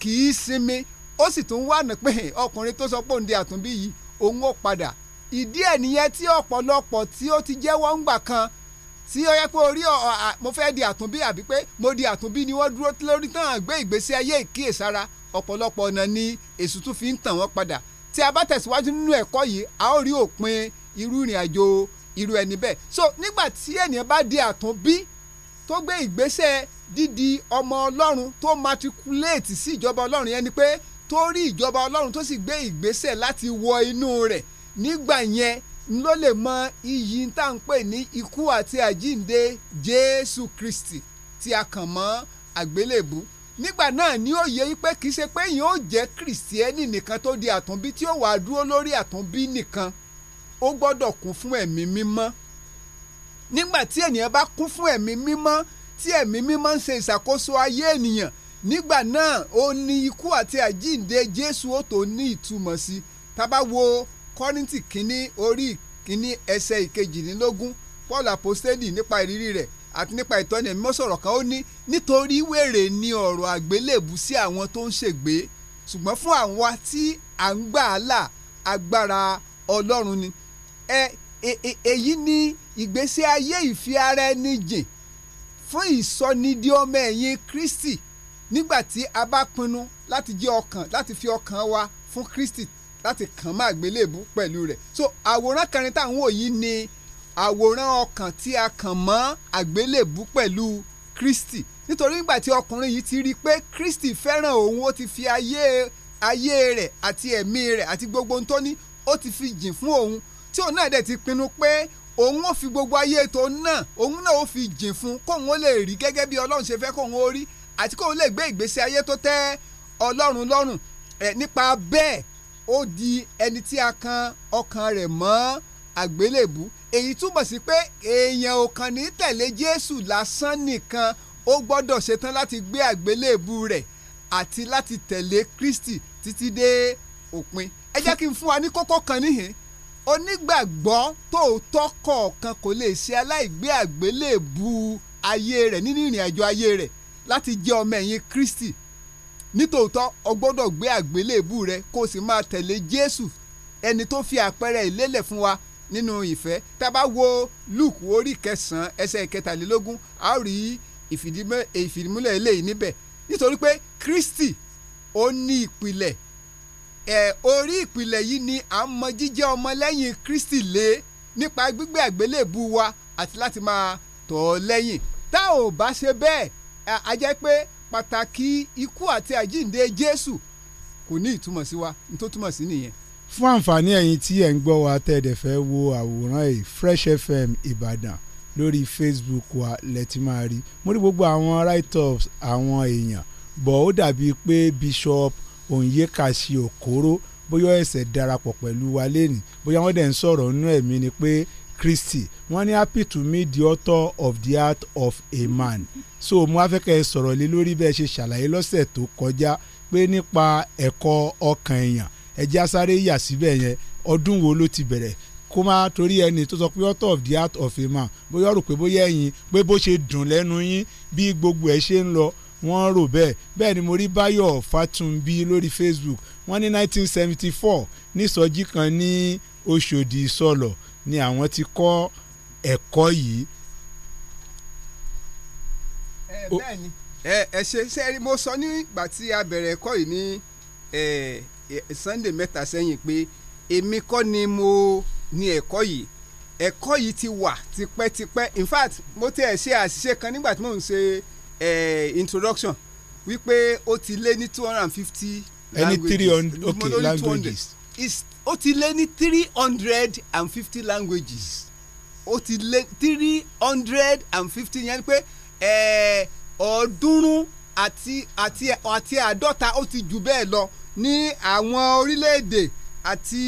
kì sinmi ó sì tún wà ní pé ọkùnrin tó sọ pé òun di àtúnbí yìí òun ó padà ìdí ẹ̀ nìyẹn tí ọ̀pọ̀lọpọ̀ tí ó ti jẹ́wọ́ ńgbà kan tí ó yẹ pé orí mo fẹ́ di àtúnbí àbí pé mo di àtúnbí ni wọ́n dúró lórí náà gbé ìgbésí ayé ìkíyèsára ọ̀pọ̀lọpọ̀ ọ̀nà ni èṣù tún fi ń tàn wọ́n padà tí a bá tẹ̀síwájú nínú ẹ̀kọ́ yìí a ó rí òpin irú ìrìn àjò irú ẹni bẹ́ẹ̀ so nígbà tí ènìyàn bá di àtúnbí tó gbé ìgbésẹ̀ dídi ọmọ ọlọ́run tó matriculate sí ìjọba ọlọ́run yẹn ni pé tó rí ìjọba ọlọ́run tó sì gbé ìgbésẹ̀ láti wọ inú rẹ̀ nígbà yẹn ló lè mọ iyì tá à ń pè ní ikú àti àjínde Jésù Kristi tí a kàn mọ́ àgbélébù nígbà náà ni ó yẹ pé kì í ṣe pé yìí ó jẹ́ kìrìsìtẹ́nì nìkan tó di àtúnbí tí ó wàá dúró lórí àtúnbí nìkan ó gbọ́dọ̀ kún fún ẹ̀mí mímọ́ nígbà tí ènìyàn bá kún fún ẹ̀mí mímọ́ tí ẹ̀mí mímọ́ ń ṣe ìṣàkóso ayé ènìyàn nígbà náà ó ní ikú àti àjínde Jésù ó tó ní ìtumọ̀ sí tá bá wo kọ́ríntì kínní orí kínní ẹsẹ̀ ìkejìdínlógún paul apostoli nípa ìrírí rẹ̀ àti nípa ìtọ́ni ẹ̀mí mọ́sọ̀rọ̀ kan ó ní nítorí wèrè ni ọ̀rọ̀ àgbélébù sí àwọn tó ń ṣègbé ṣùgbọ́n fún àwa tí à ń gbà á là agbára ọlọ́run ni ẹ e, e, èyí ni ìgbésí ayé ìfi ara ẹni jìn fún ìsọnidí ọmọ ẹ̀yìn Kristi nígbà tí a bá pinnu láti jẹ́ ọkàn láti fi ọkàn wa fún Kristi láti kàn má àgbélébú pẹ̀lú rẹ̀ so àwòrán kẹrin táwọn wò yìí ni àwòrán ọkàn tí a kàn mọ́ àgbélébú pẹ̀lú Kristi nítorí nígbà tí ọkùnrin yìí ti rí i pé Kristi fẹ́ràn òun ó ti fi ayé ayé rẹ̀ àti ẹ̀mí rẹ̀ àti gbogbo ohun tó ní ó ti fi jìn fún òun tí òun náà dẹ̀ ti pinnu pé òun ò fi gbogbo ayé tó náà òun náà ò fi jìn fún kóun ó lè rí gẹ́gẹ́ bí ọlọ́run ṣe fẹ́ kóun ó rí àti kóun lè gbé ìgbésí ayé tó tẹ́ ọlọ́run lọ́rùn ẹ̀ nípa bẹ́ẹ̀ ó di ẹni tí a kan ọkàn rẹ̀ mọ́ àgbélébù èyí túmọ̀ sí pé èèyàn ò kàn ní tẹ̀lé Jésù lásán nìkan ó gbọ́dọ̀ ṣetán láti gbé àgbélébù rẹ̀ àti láti tẹ̀lé Kristi títí dé òpin ẹ jẹ́ kí n fún wa ní kókó kan níhìn onígbàgbọ́ tòótọ́ kọ̀ọ̀kan kò lè ṣe aláìgbé àgbélébù ayé rẹ̀ nínú ìrìn àjò ayé rẹ̀ láti jẹ́ ọmọ ẹ̀yìn Kristi nítòótọ́ o gbọ́dọ̀ gbé àgbélébù rẹ kó o sì máa tẹ̀lé Jésù ẹni tó fi àpẹẹrẹ ìlélẹ̀ fún wa nínú ìfẹ́ tá a bá wo Luke orí kẹsàn-án ẹsẹ̀ kẹtàlélógún a ó rí ìfìdímúlẹ̀ eléyìí níbẹ̀ nítorí pé Kristi ó ní ìpìlẹ̀ ẹ̀ orí ìpìlẹ̀ yìí ni à ń mọ jíjẹ́ ọmọ lẹ́yìn Kristi lé nípa gbígbé àgbélébù wa àti láti máa tọ̀ ọ́ lẹ́yìn tá ò bá ṣe bẹ́ẹ̀ a jẹ́ pé pàtàkì ikú àti àjíǹde Jésù kò ní ìtumọ̀ sí wa ní tó sí nìyẹn. fún àǹfààní ẹ̀yin tí ẹ̀ ń gbọ́ wa tẹ́ẹ̀dẹ̀ fẹ́ wo àwòrán yìí Fresh FM Ìbàdàn lórí Facebook wa lẹ́tí máa rí mo rí gbogbo àwọn write-ups àwọn èèyàn bọ̀ ó dàbí pé Bishop Onyekasi Okoro bóyá ẹ̀sẹ̀ darapọ̀ pẹ̀lú wa lẹ́nìí bóyá wọ́n dẹ̀ ń sọ̀rọ̀ nínú ẹ̀mí ni pé Christy, wọ́n ní happy to meet the author of the art of a man so mo wá fẹ́ kẹ́ ẹ sọ̀rọ̀ lé lórí bẹ́ẹ̀ ṣe ṣàlàyé lọ́sẹ̀ tó kọjá pé nípa ẹ̀kọ́ ọkàn èèyàn ẹ̀jẹ̀ asáré yà síbẹ̀ yẹn ọdún wo ló ti bẹ̀rẹ̀ kó má torí ẹni tó sọ pé author of the art of a man bóyá rò pé bóyá ẹ̀yin pé bó ṣe dùn lẹ́nu yín bí gbogbo ẹ̀ ṣe ń lọ wọ́n rò bẹ́ẹ̀ bẹ́ẹ̀ ni mo rí Báyọ̀ Fátúnbí lórí Facebook wọ́n ní 1974 nísọjí kan ní Òṣòdì ìsọlọ̀ ni àwọn ti kọ́ ẹ̀kọ́ yìí. ẹ bẹ́ẹ̀ ni ṣe ṣe rí mo sọ nígbà tí a bẹ̀rẹ̀ ẹ̀kọ́ yìí ní Sunday mẹ́ta sẹ́yìn pé èmi kọ́ ni mo ni ẹ̀kọ́ yìí ẹ̀kọ́ yìí ti wà tipẹ́tipẹ́ in fact mo ti ẹ̀ ṣe àṣìṣe kan nígbà tí mò ń ṣe introduction wípé ó ti lé ní two hundred and fifty languages ẹni three hundred okay languages it's ó ti lé ní three hundred and fifty languages ó ti lé three hundred and fifty yẹn pé eh, ọ̀ọ́dúnrún àti àti àti àádọ́ta ó ti jù bẹ́ẹ̀ lọ ní àwọn orílẹ̀-èdè àti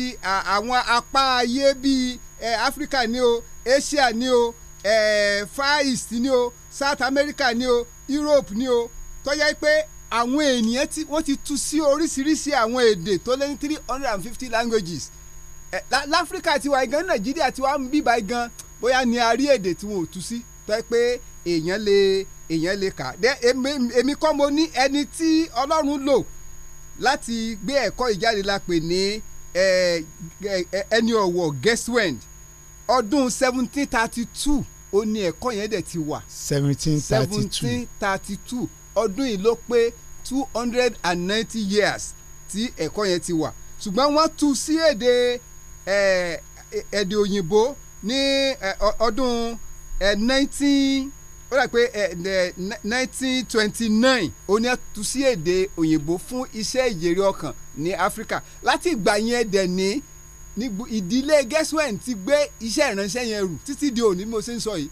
àwọn apá ayé bíi eh, Áfíríkà ni o Asia ni o eh, Far East ni o South America ni o Europe ni o tó pé àwọn ènìyàn tí wọ́n ti tú sí oríṣiríṣi àwọn èdè tó lé ní three hundred and fifty languages láfíríkà tiwa igan nàìjíríà tiwa ń bíbá igan bóyá ni a rí èdè tí wọn ò tú sí tó pé èèyàn lè èèyàn lè kà dé èmi kọ́ mo ní ẹni tí ọlọ́run lò láti gbé ẹ̀kọ́ ìjáde la pè ní ẹni ọ̀wọ̀ Gershwin ọdún seventeen thirty two ó ní ẹ̀kọ́ yẹn dẹ̀ ti wà seventeen thirty two ọdún yìí ló pé two hundred and ninety years tí ẹ̀kọ́ yẹn ti wà ṣùgbọ́n wọ́n tú sí èdè èdè òyìnbó ní ọdún nineteen ó dà pé nineteen twenty nine ó ní tú sí èdè òyìnbó fún iṣẹ́ ìyèrè ọkàn ní Áfíríkà láti ìgbà yẹn dẹ̀ ní ìdílé Gẹ́sùwẹ̀n ti gbé iṣẹ́ ìránṣẹ́ yẹn rù títí di òní mo ṣe ń sọ yìí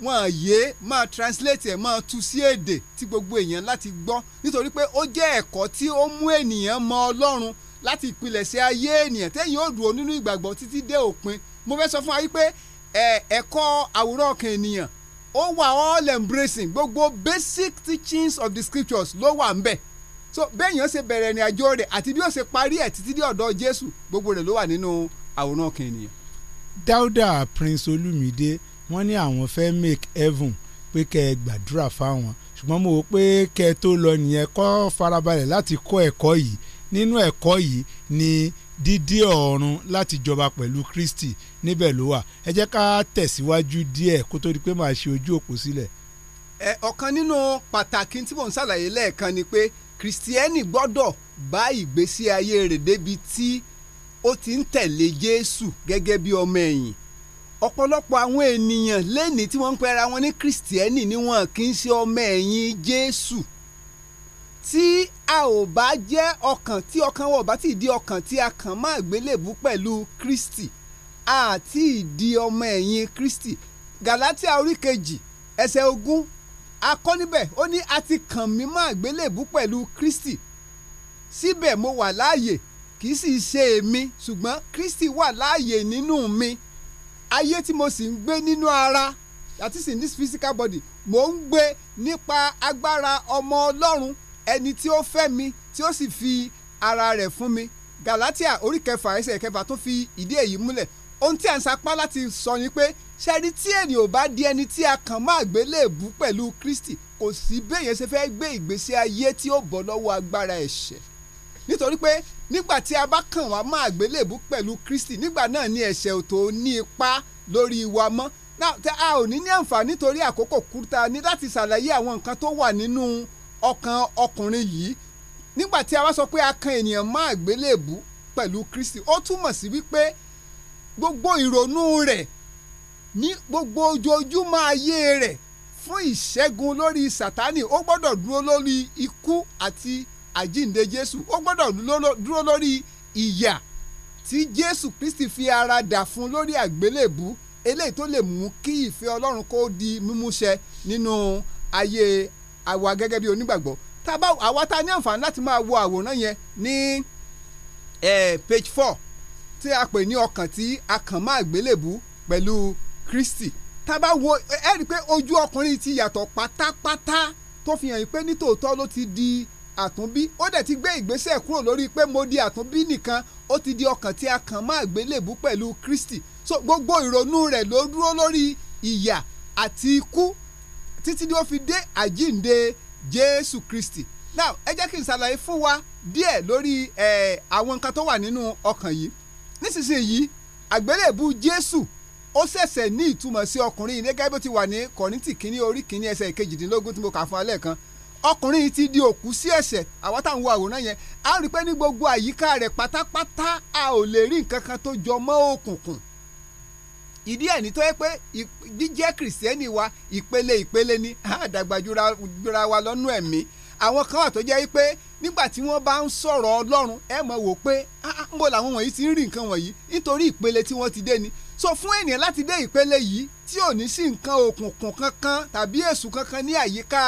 wọn yé máa translate ẹ̀ máa tu sí èdè tí gbogbo èèyàn láti gbọ́ nítorí pé ó jẹ́ ẹ̀kọ́ tí ó mú ènìyàn mọ Ọlọ́run láti ìpilẹ̀ṣẹ̀ ayé ènìyàn téèyàn ó dúró nínú ìgbàgbọ́ títí dé òpin mo fẹ́ sọ fún wa wípé ẹ̀kọ́ àwòrán ọkàn ènìyàn ó wà all embracing gbogbo basic teachings of the scriptures ló wà ń bẹ̀ so béèyàn ṣe bẹ̀rẹ̀ ìrìn àjò rẹ̀ àti bí ó ṣe parí ẹ̀ títí dé ọ̀dọ̀ Jésù gbogbo rẹ̀ ló wà nínú àwòrán ọkàn ènìyàn. Dáúdà Prince Olúmídé wọ́n ní àwọn fẹ́ make heaven pé kẹ́ ẹ gbàdúrà fáwọn ṣùgbọ́n mo wò pé kẹ́ ẹ tó lọ nìyẹn kọ́ farabalẹ̀ láti kọ́ ẹ̀kọ́ yìí nínú ẹ̀kọ́ yìí ni dídé ọ̀run láti jọba pẹ̀lú Kristi níbẹ̀ ló wà ẹ jẹ́ ká tẹ̀síwájú díẹ̀ kó tó di pé màá ṣe ojú òpó sílẹ̀. ẹ ọ̀kan nínú pàtàkì tí mò ń ṣàlàyé lẹ́ẹ̀kan ni pé kristiẹni gbọ́dọ̀ bá ìgbésí ayé rẹ̀ débi tí ó ti ń tẹ̀lé Jésù gẹ́gẹ́ bí ọmọ ẹ̀yìn ọ̀pọ̀lọpọ̀ àwọn ènìyàn lẹ́ni tí wọ́n ń pera wọn ní kìrìsìtẹ́nì ni wọn kì í ṣe ọmọ ẹ̀yìn Jésù tí a ò bá jẹ́ ọkàn tí ọkàn wọn ò bá ti di ọkàn tí a kàn máa gbélébú pẹ̀lú Kristi àti ìdí ọmọ ẹ̀yìn Kristi Gàlátíà orí kejì ẹsẹ̀ ogún akọ́ ó ní a ti kàn mí mọ́ àgbélébú pẹ̀lú Kristi síbẹ̀ mo wà láàyè kì í sì ṣe èmi ṣùgbọ́n Kristi wà láàyè nínú mi ayé tí mo sì ń gbé nínú ara that is in this physical body mo ń gbé nípa agbára ọmọ ọlọ́run ẹni tí ó fẹ́ mi tí ó sì fi ara rẹ̀ fún mi Galatia orí kẹfà ẹsẹ̀ kẹfà tó fi ìdí èyí múlẹ̀ ohun tí à ń sapá láti sọ ni pé ṣẹ́ni tí ènìyàn ò bá di ẹni tí a kàn máa gbé léèbú pẹ̀lú Kristi kò sí béèyàn ṣe fẹ́ gbé ìgbésí ayé tí ó bọ́ lọ́wọ́ agbára ẹ̀ṣẹ̀ nítorí pé nígbà tí a bá kàn wá máa gbélébú pẹ̀lú Kristi nígbà náà ni ẹ̀ṣẹ̀ ò tó ní ipa lórí wa mọ́ a ò ní ní àǹfààní torí àkókò kúta ní láti ṣàlàyé àwọn nǹkan tó wà nínú ọkàn ọkùnrin yìí nígbà tí a wá sọ pé a kan ènìyàn máa gbélébú pẹ̀lú Kristi ó túmọ̀ sí wípé gbogbo ìrònú rẹ̀ ní gbogbo ojoojúmọ́ ayé rẹ̀ fún ìṣẹ́gun lórí Sátánì ó gbọ́dọ̀ dúró lórí ikú àti àjínde Jésù ó gbọ́dọ̀ dúró lórí ìyà tí Jésù Kristi fi ara dà fún lórí àgbélébù eléyìí tó lè mú kí ìfẹ́ Ọlọ́run kó di mímúṣẹ nínú ayé àwa gẹ́gẹ́ bí onígbàgbọ́ tábà àwa ta ní àǹfààní láti máa wo àwòrán yẹn ní page four tí a pè ní ọkàn tí a kàn máa àgbélébù pẹ̀lú Kristi tábà wo ẹ rí i pé ojú ọkùnrin ti yàtọ̀ pátápátá tó fi hàn yín pé nítòótọ́ ló ti di àtúnbí ó dẹ̀ ti gbé ìgbésẹ̀ kúrò lórí pé mo di àtúnbí nìkan ó ti di ọkàn tí a kàn mọ́ àgbélébú pẹ̀lú Kristi so gbogbo ìrònú rẹ̀ ló dúró lórí ìyà àti ikú títí ni ó fi dé àjínde Jésù Kristi now ẹ jẹ́ kí n ṣàlàyé fún wa díẹ̀ lórí àwọn nǹkan tó wà nínú ọkàn yìí nísinsìnyí àgbélébú Jésù ó ṣẹ̀ṣẹ̀ ní ìtumọ̀ sí ọkùnrin gẹ́gẹ́ bó ti wà ní Kọ́ríńtì kínní orí kínní ẹsẹ̀ kejìdínlógún tí mo kà fún alẹ́ kan ọkùnrin yìí ti di òkú sí ẹ̀ṣẹ̀ àwọn táwọn wo àwòrán yẹn a rí i pé ní gbogbo àyíká rẹ̀ pátápátá a ò lè rí nǹkan kan tó jọ mọ́ òkùnkùn ìdí ẹ̀ tó yẹ pé jíjẹ́ kìrìsìtẹ́nì wa ìpele ìpele ni àdàgbàjúra wa lọ́nú ẹ̀mí àwọn kan wà tó jẹ́ pé nígbà tí wọ́n bá ń sọ̀rọ̀ ọlọ́run ẹ mọ̀ wò pé ah, ah, ń bọ̀ làwọn wọ̀nyí ti ń rí nǹkan wọ̀nyí nítorí ìpele tí wọ́n ti dé ni so fún ènìyàn láti dé ìpele yìí tí ò ní sí nǹkan òkùnkùn kankan tàbí èṣù kankan ní àyíká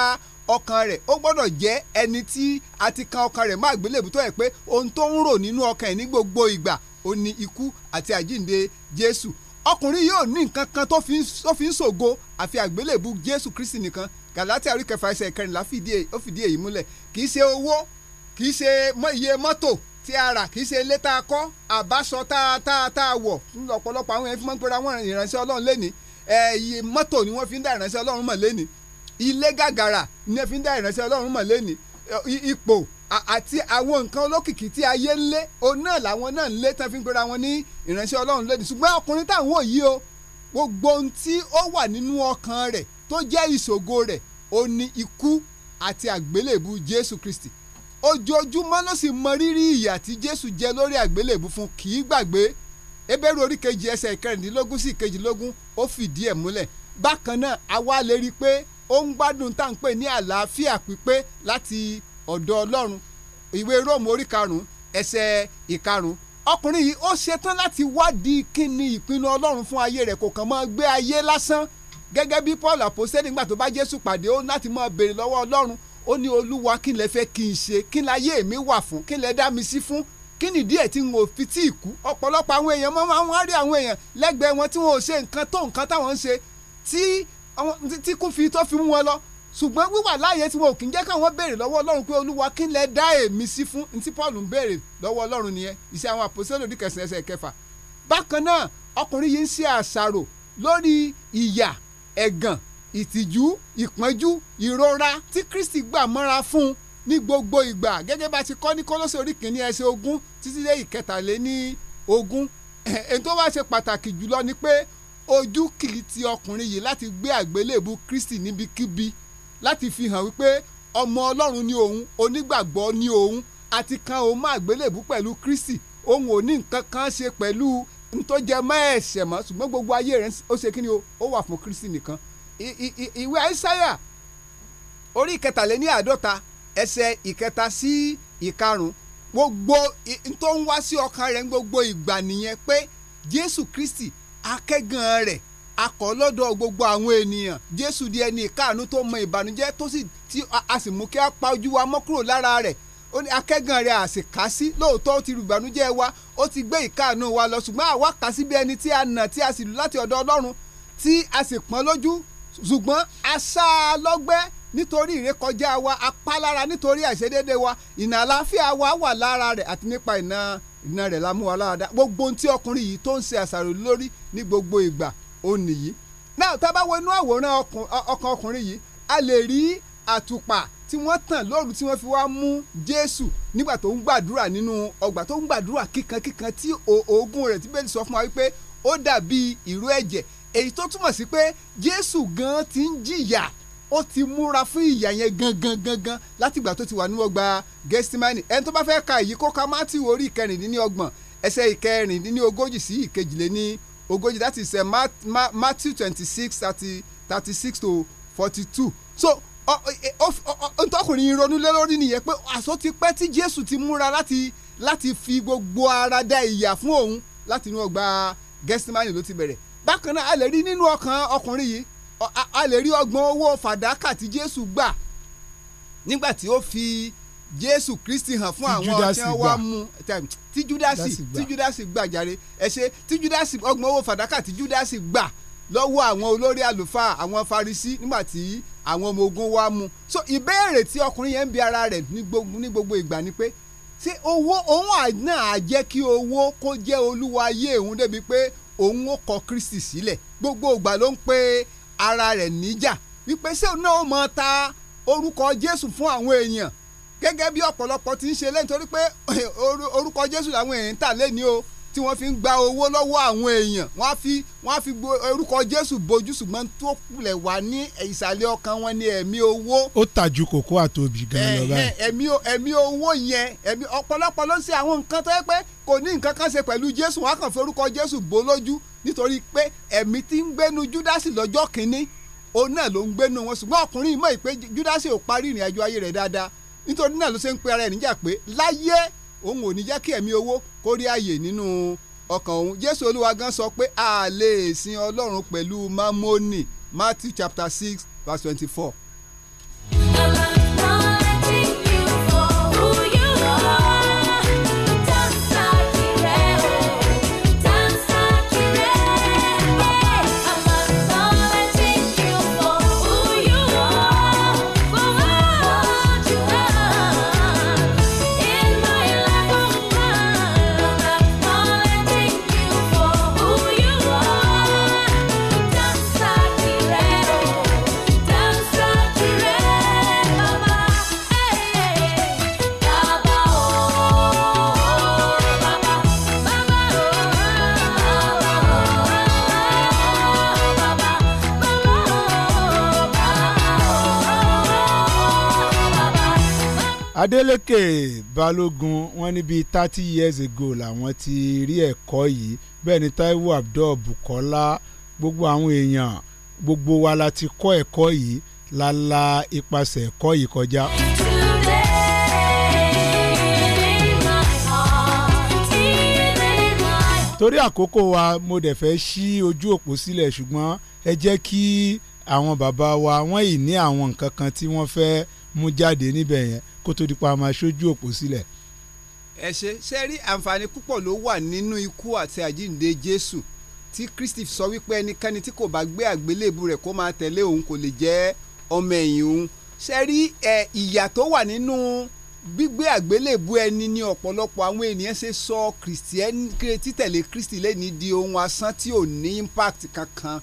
ọkàn rẹ̀ ó gbọ́dọ̀ jẹ́ ẹni tí a ti kan ọkàn rẹ̀ má gbélébù tó yẹ pé ohun tó ń rò nínú ọkàn ẹ̀ ní gbogbo ìgbà ó ní ikú àti àjíǹde Jésù ọkùnrin yóò ní nǹkan kan tó fi ń ṣògo àfi àgbélébù Jésù Kristi nìkan Galati orí kẹfà ẹsẹ̀ kẹrìnlá ó fìdí èyí múlẹ̀ kì í ṣe owó kì í ṣe iye mọ́tò tí a rà kì í ṣe ilé tá a kọ́ àbáṣọ tá a tá a tá a wọ̀ lọ́pọ̀lọpọ̀ àwọn yẹn fi máa ń pera wọn ìránṣẹ́ Ọlọ́run lẹ́ni ẹ̀ẹ́yẹ mọ́tò ni wọ́n fi ń dá ìránṣẹ́ Ọlọ́run mọ̀ lẹ́ni ilé gàgàrà ní ẹ fi ń dá ìránṣẹ́ ọlọ́run mọ̀ lẹ́ni ipò àti àwọn nǹkan olókìkí tí ayé ń lé òun náà làwọn náà ń lé tán fi ń gbéra wọn ní ìránṣẹ́ ọlọ́run lẹ́ni ṣùgbọ́n ọkùnrin táwọn ò yí o gbogbo ohun tí ó wà nínú ọkàn rẹ̀ tó jẹ́ ìṣògo rẹ̀ ó ní ikú àti àgbélébù Jésù Kristi ojoojúmọ́ ló sì mọ rírì ìyà tí Jésù jẹ lórí àgbélébù fún kì í gbàgbé ebéèrè orí kejì ẹsẹ̀ kẹrìndínlógún sí kejìlógún ó fìdí ẹ̀ múlẹ̀ bákan náà àwa lè rí i pé ó ń gbádùn tá à ń pè ní àlàáfíà pípé láti ọ̀dọ̀ ọlọ́run ìwé róòmù orí karùn-ún ẹsẹ̀ ìkarùn-ún ọkùnrin yìí ó ṣetán láti wádìí kí ni ìpinnu ọlọ́run fún ayé rẹ̀ kò kàn máa gbé ayé lásán gẹ́gẹ́ bí paul àpòsẹ́lì nígbà tó bá jésù pàdé ó láti máa béèrè lọ́wọ́ ọlọ́run ó ní olúwa kí n lè fẹ́ kí n ṣe kí n láyé mi wà fún kí n lè dá mi sí fún kí nìdí ẹ̀ tí n ò fi tí ì kú ọ̀pọ̀lọpọ̀ àwọn èèyàn máa ń rí àwọn èèyàn lẹ́gbẹ̀ẹ́ wọn tí wọn ò ṣe nǹkan tó nǹkan táwọn ń ṣe tí tí kún fi tó fi mú wọn lọ ṣùgbọ́n wíwà láàyè tí wọn ò kí ń jẹ́ káwọn béèrè lọ́wọ́ ọlọ́run pé olúwa kí n lẹ dá èmi sí fún ntí paul ń béèrè lọ́wọ́ ọlọ́run nìyẹn iṣẹ́ àwọn àpòsílẹ̀ lòdì kẹsàn-án ẹsẹ̀ kẹfà bákan náà ọkùnrin yìí ń ṣe àṣàrò lórí ìyà ẹ̀gàn ìtìjú ìpọ́njú ìrora tí kristi gbà mọ́ra fún ní gbogbo ìgbà gẹ́gẹ́ bá ti kọ́ ní kólóṣè orí kìíní ẹsẹ̀ ogún títí dé ìkẹtàléní ogún ẹni tó wá ṣe pàtàkì jùlọ ni pé ojú kìí ti ọkùnrin yìí láti gbé àgbélébù Kristi níbikíbi láti fi hàn wípé ọmọ Ọlọ́run ni òun onígbàgbọ́ ni òun àti kan òun má àgbélébù pẹ̀lú Kristi òun ò ní nǹkan kan ṣe pẹ̀lú ntọ́jẹ mọ́ ẹ̀ṣẹ̀ mọ́ ṣùgbọ́n gbogbo ayé rẹ̀ ó ṣe kí ni ó wà fún Kristi nìkan ìwé àìsáyà orí ìkẹtàléní àádọ́ta ẹsẹ̀ ìkẹta sí ìkarùn gbogbo tó wá sí ọkàn rẹ̀ gbogbo ìgbà nìyẹn pé Jésù Kristi akẹ́gàn rẹ̀ akọ̀ lọ́dọ̀ gbogbo àwọn ènìyàn jésù di ẹni ìkáàánú tó mọ ìbànújẹ́ tó sì tí a sì mú kí a pa ojú wa mọ́ kúrò lára rẹ̀ ó ní akẹ́gàn rẹ̀ àṣekásí lóòótọ́ ó ti rù ìbànújẹ́ wa ó ti gbé ìkáàánú wa lọ ṣùgbọ́n àwa kà sí bí ẹni tí a nà tí a sì lù láti ọ̀dọ̀ ọlọ́run tí a sì pọ́n lójú ṣùgbọ́n a sá a lọ́gbẹ́ nítorí ìrékọjá wa apálára nítorí àìṣedédé wa ìnà àlàáfíà wa wà lára rẹ̀ àti nípa ìnà ìnà rẹ̀ lámúwa láradá gbogbo ohun tí ọkùnrin yìí tó ń ṣe àṣàrò lórí ní gbogbo ìgbà ó nìyí. náà tá a bá wo inú àwòrán ọkàn ọkùnrin yìí a lè rí àtùpà tí wọ́n tàn lóru tí wọ́n fi wá mú jésù nígbà tó ń gbàdúrà nínú ọgbà tó ń gbàdúrà kíkankíkan tí oògùn rẹ̀ tí bẹ́ẹ̀ sọ fún wa wípé ó dàbí ìró ẹ̀jẹ̀ èyí tó túmọ̀ sí pé jésù gan ti ń jìyà ó ti múra fún ìyà yẹn gangan gangan látìgbà tó ti wà nínú ọgbà gẹ́símánì ẹni tó bá fẹ́ ka èyí kó ka mátì orí ìkẹrìndínlọ́gbọ̀n ẹsẹ̀ ìkẹrìndínlógójì sí ìkejìléní ogójì that is uh, Matthew twenty six thirty thirty six to forty two so ntọkùnrin ronú lé lórí nìyẹn pé àṣọ ti pẹ́ tí Jésù ti múra láti láti fi gbogbo ara dá ìyà fún òun láti inú ọgbà Gẹ́símánì ló ti bẹ̀rẹ̀ bákan náà a lè rí nínú ọkàn ọkùnrin yìí a lè rí ọgbọ́n owó fàdákà tí Jésù gbà nígbà tí ó fi jésù kristi hàn fún àwọn tí wọ́n wá mú tí júdásì tí júdásì gbà jàre ẹ ṣe tí owó fàdákà tí júdásì gbà lọ́wọ́ àwọn olórí àlùfáà àwọn farisí nígbà tí àwọn ọmọ ogun wá mú so ìbéèrè tí ọkùnrin yẹn ń bi ara rẹ̀ ní gbogbo ìgbà ni pé ṣé owó òun náà á jẹ́ kí owó kó jẹ́ olúwa ayé òun débi pé òun ó kọ kristi sílẹ̀ gbogbo ìgbà ló ń pe ara rẹ̀ níjà wípé ṣé òun náà ó mọ ta orúkọ jésù fún àwọn èèyàn gẹ́gẹ́ bí ọ̀pọ̀lọpọ̀ ti ń ṣe lẹ́yìn torí pé eh, orúkọ Jésù làwọn èèyàn ń tà lẹ́ni o tí wọ́n fi ń gba owó lọ́wọ́ àwọn èèyàn wọ́n á fi wọ́n á fi orúkọ Jésù bojú ṣùgbọ́n tó kulẹ̀ wá ní ìsàlẹ̀ ọkàn wọn ni ẹ̀mí owó. ó tàjú kòkó àtòbí gan lọ báyìí. ẹ̀mí ẹ̀mí owó yẹn ẹ̀mí ọ̀pọ̀lọpọ̀ ló ń ṣe àwọn nǹkan tó yẹ pé kò ní nǹkan kan ṣe pẹ̀lú Jésù wọ́n á kàn fi orúkọ Jésù bò lójú nítorí pé ẹ̀mí ti ń gbénu Júdásì lọ́jọ́ kínní òun náà ló ń gbénu wọn ṣùgbọ́n ọkùnrin mọ̀ pé Júdásì ò parí ìrìn àjò ayé rẹ̀ nítorí náà ló ṣe ń pe ara ẹ̀ níjà pé láyé òun ò ní jẹ́ kí ẹ̀mí owó kó rí àyè nínú ọkàn òun jésù olúwa gan sọ pé a lè sin ọlọ́run pẹ̀lú mamoni matthew chapter six verse twenty-four Adeleke Balógun wọn ní bíi thirty years ago làwọn ti rí ẹ̀kọ́ yìí bẹ́ẹ̀ ni Taiwo Abdul Bukola gbogbo àwọn èèyàn gbogbo wa la ti kọ́ ẹ̀kọ́ yìí la la ipasẹ̀ yìí kọjá. torí àkókò wa mo dẹ̀ fẹ́ ṣí ojú òpó sílẹ̀ ṣùgbọ́n ẹ jẹ́ kí àwọn bàbá wa wọ́n ì ní àwọn nǹkan kan tí wọ́n fẹ́ mú jáde níbẹ̀ yẹn kó tó di pa máa ṣojú òpó sílẹ̀. ẹ ṣe ṣe rí àǹfààní púpọ̀ ló wà nínú ikú àti àjíǹde Jésù tí Kristi sọ wípé ẹnikẹ́ni tí kò bá gbé àgbélébù rẹ̀ kó máa tẹ̀lé òun kò lè jẹ́ ọmọ ẹ̀yìn òun ṣe rí ẹ ìyà tó wà nínú gbígbé àgbélébù ẹni ní ọ̀pọ̀lọpọ̀ àwọn ènìyàn ṣe sọ títẹ̀lé Kristi lẹ́ni di ohun asán tí ò ní impact kankan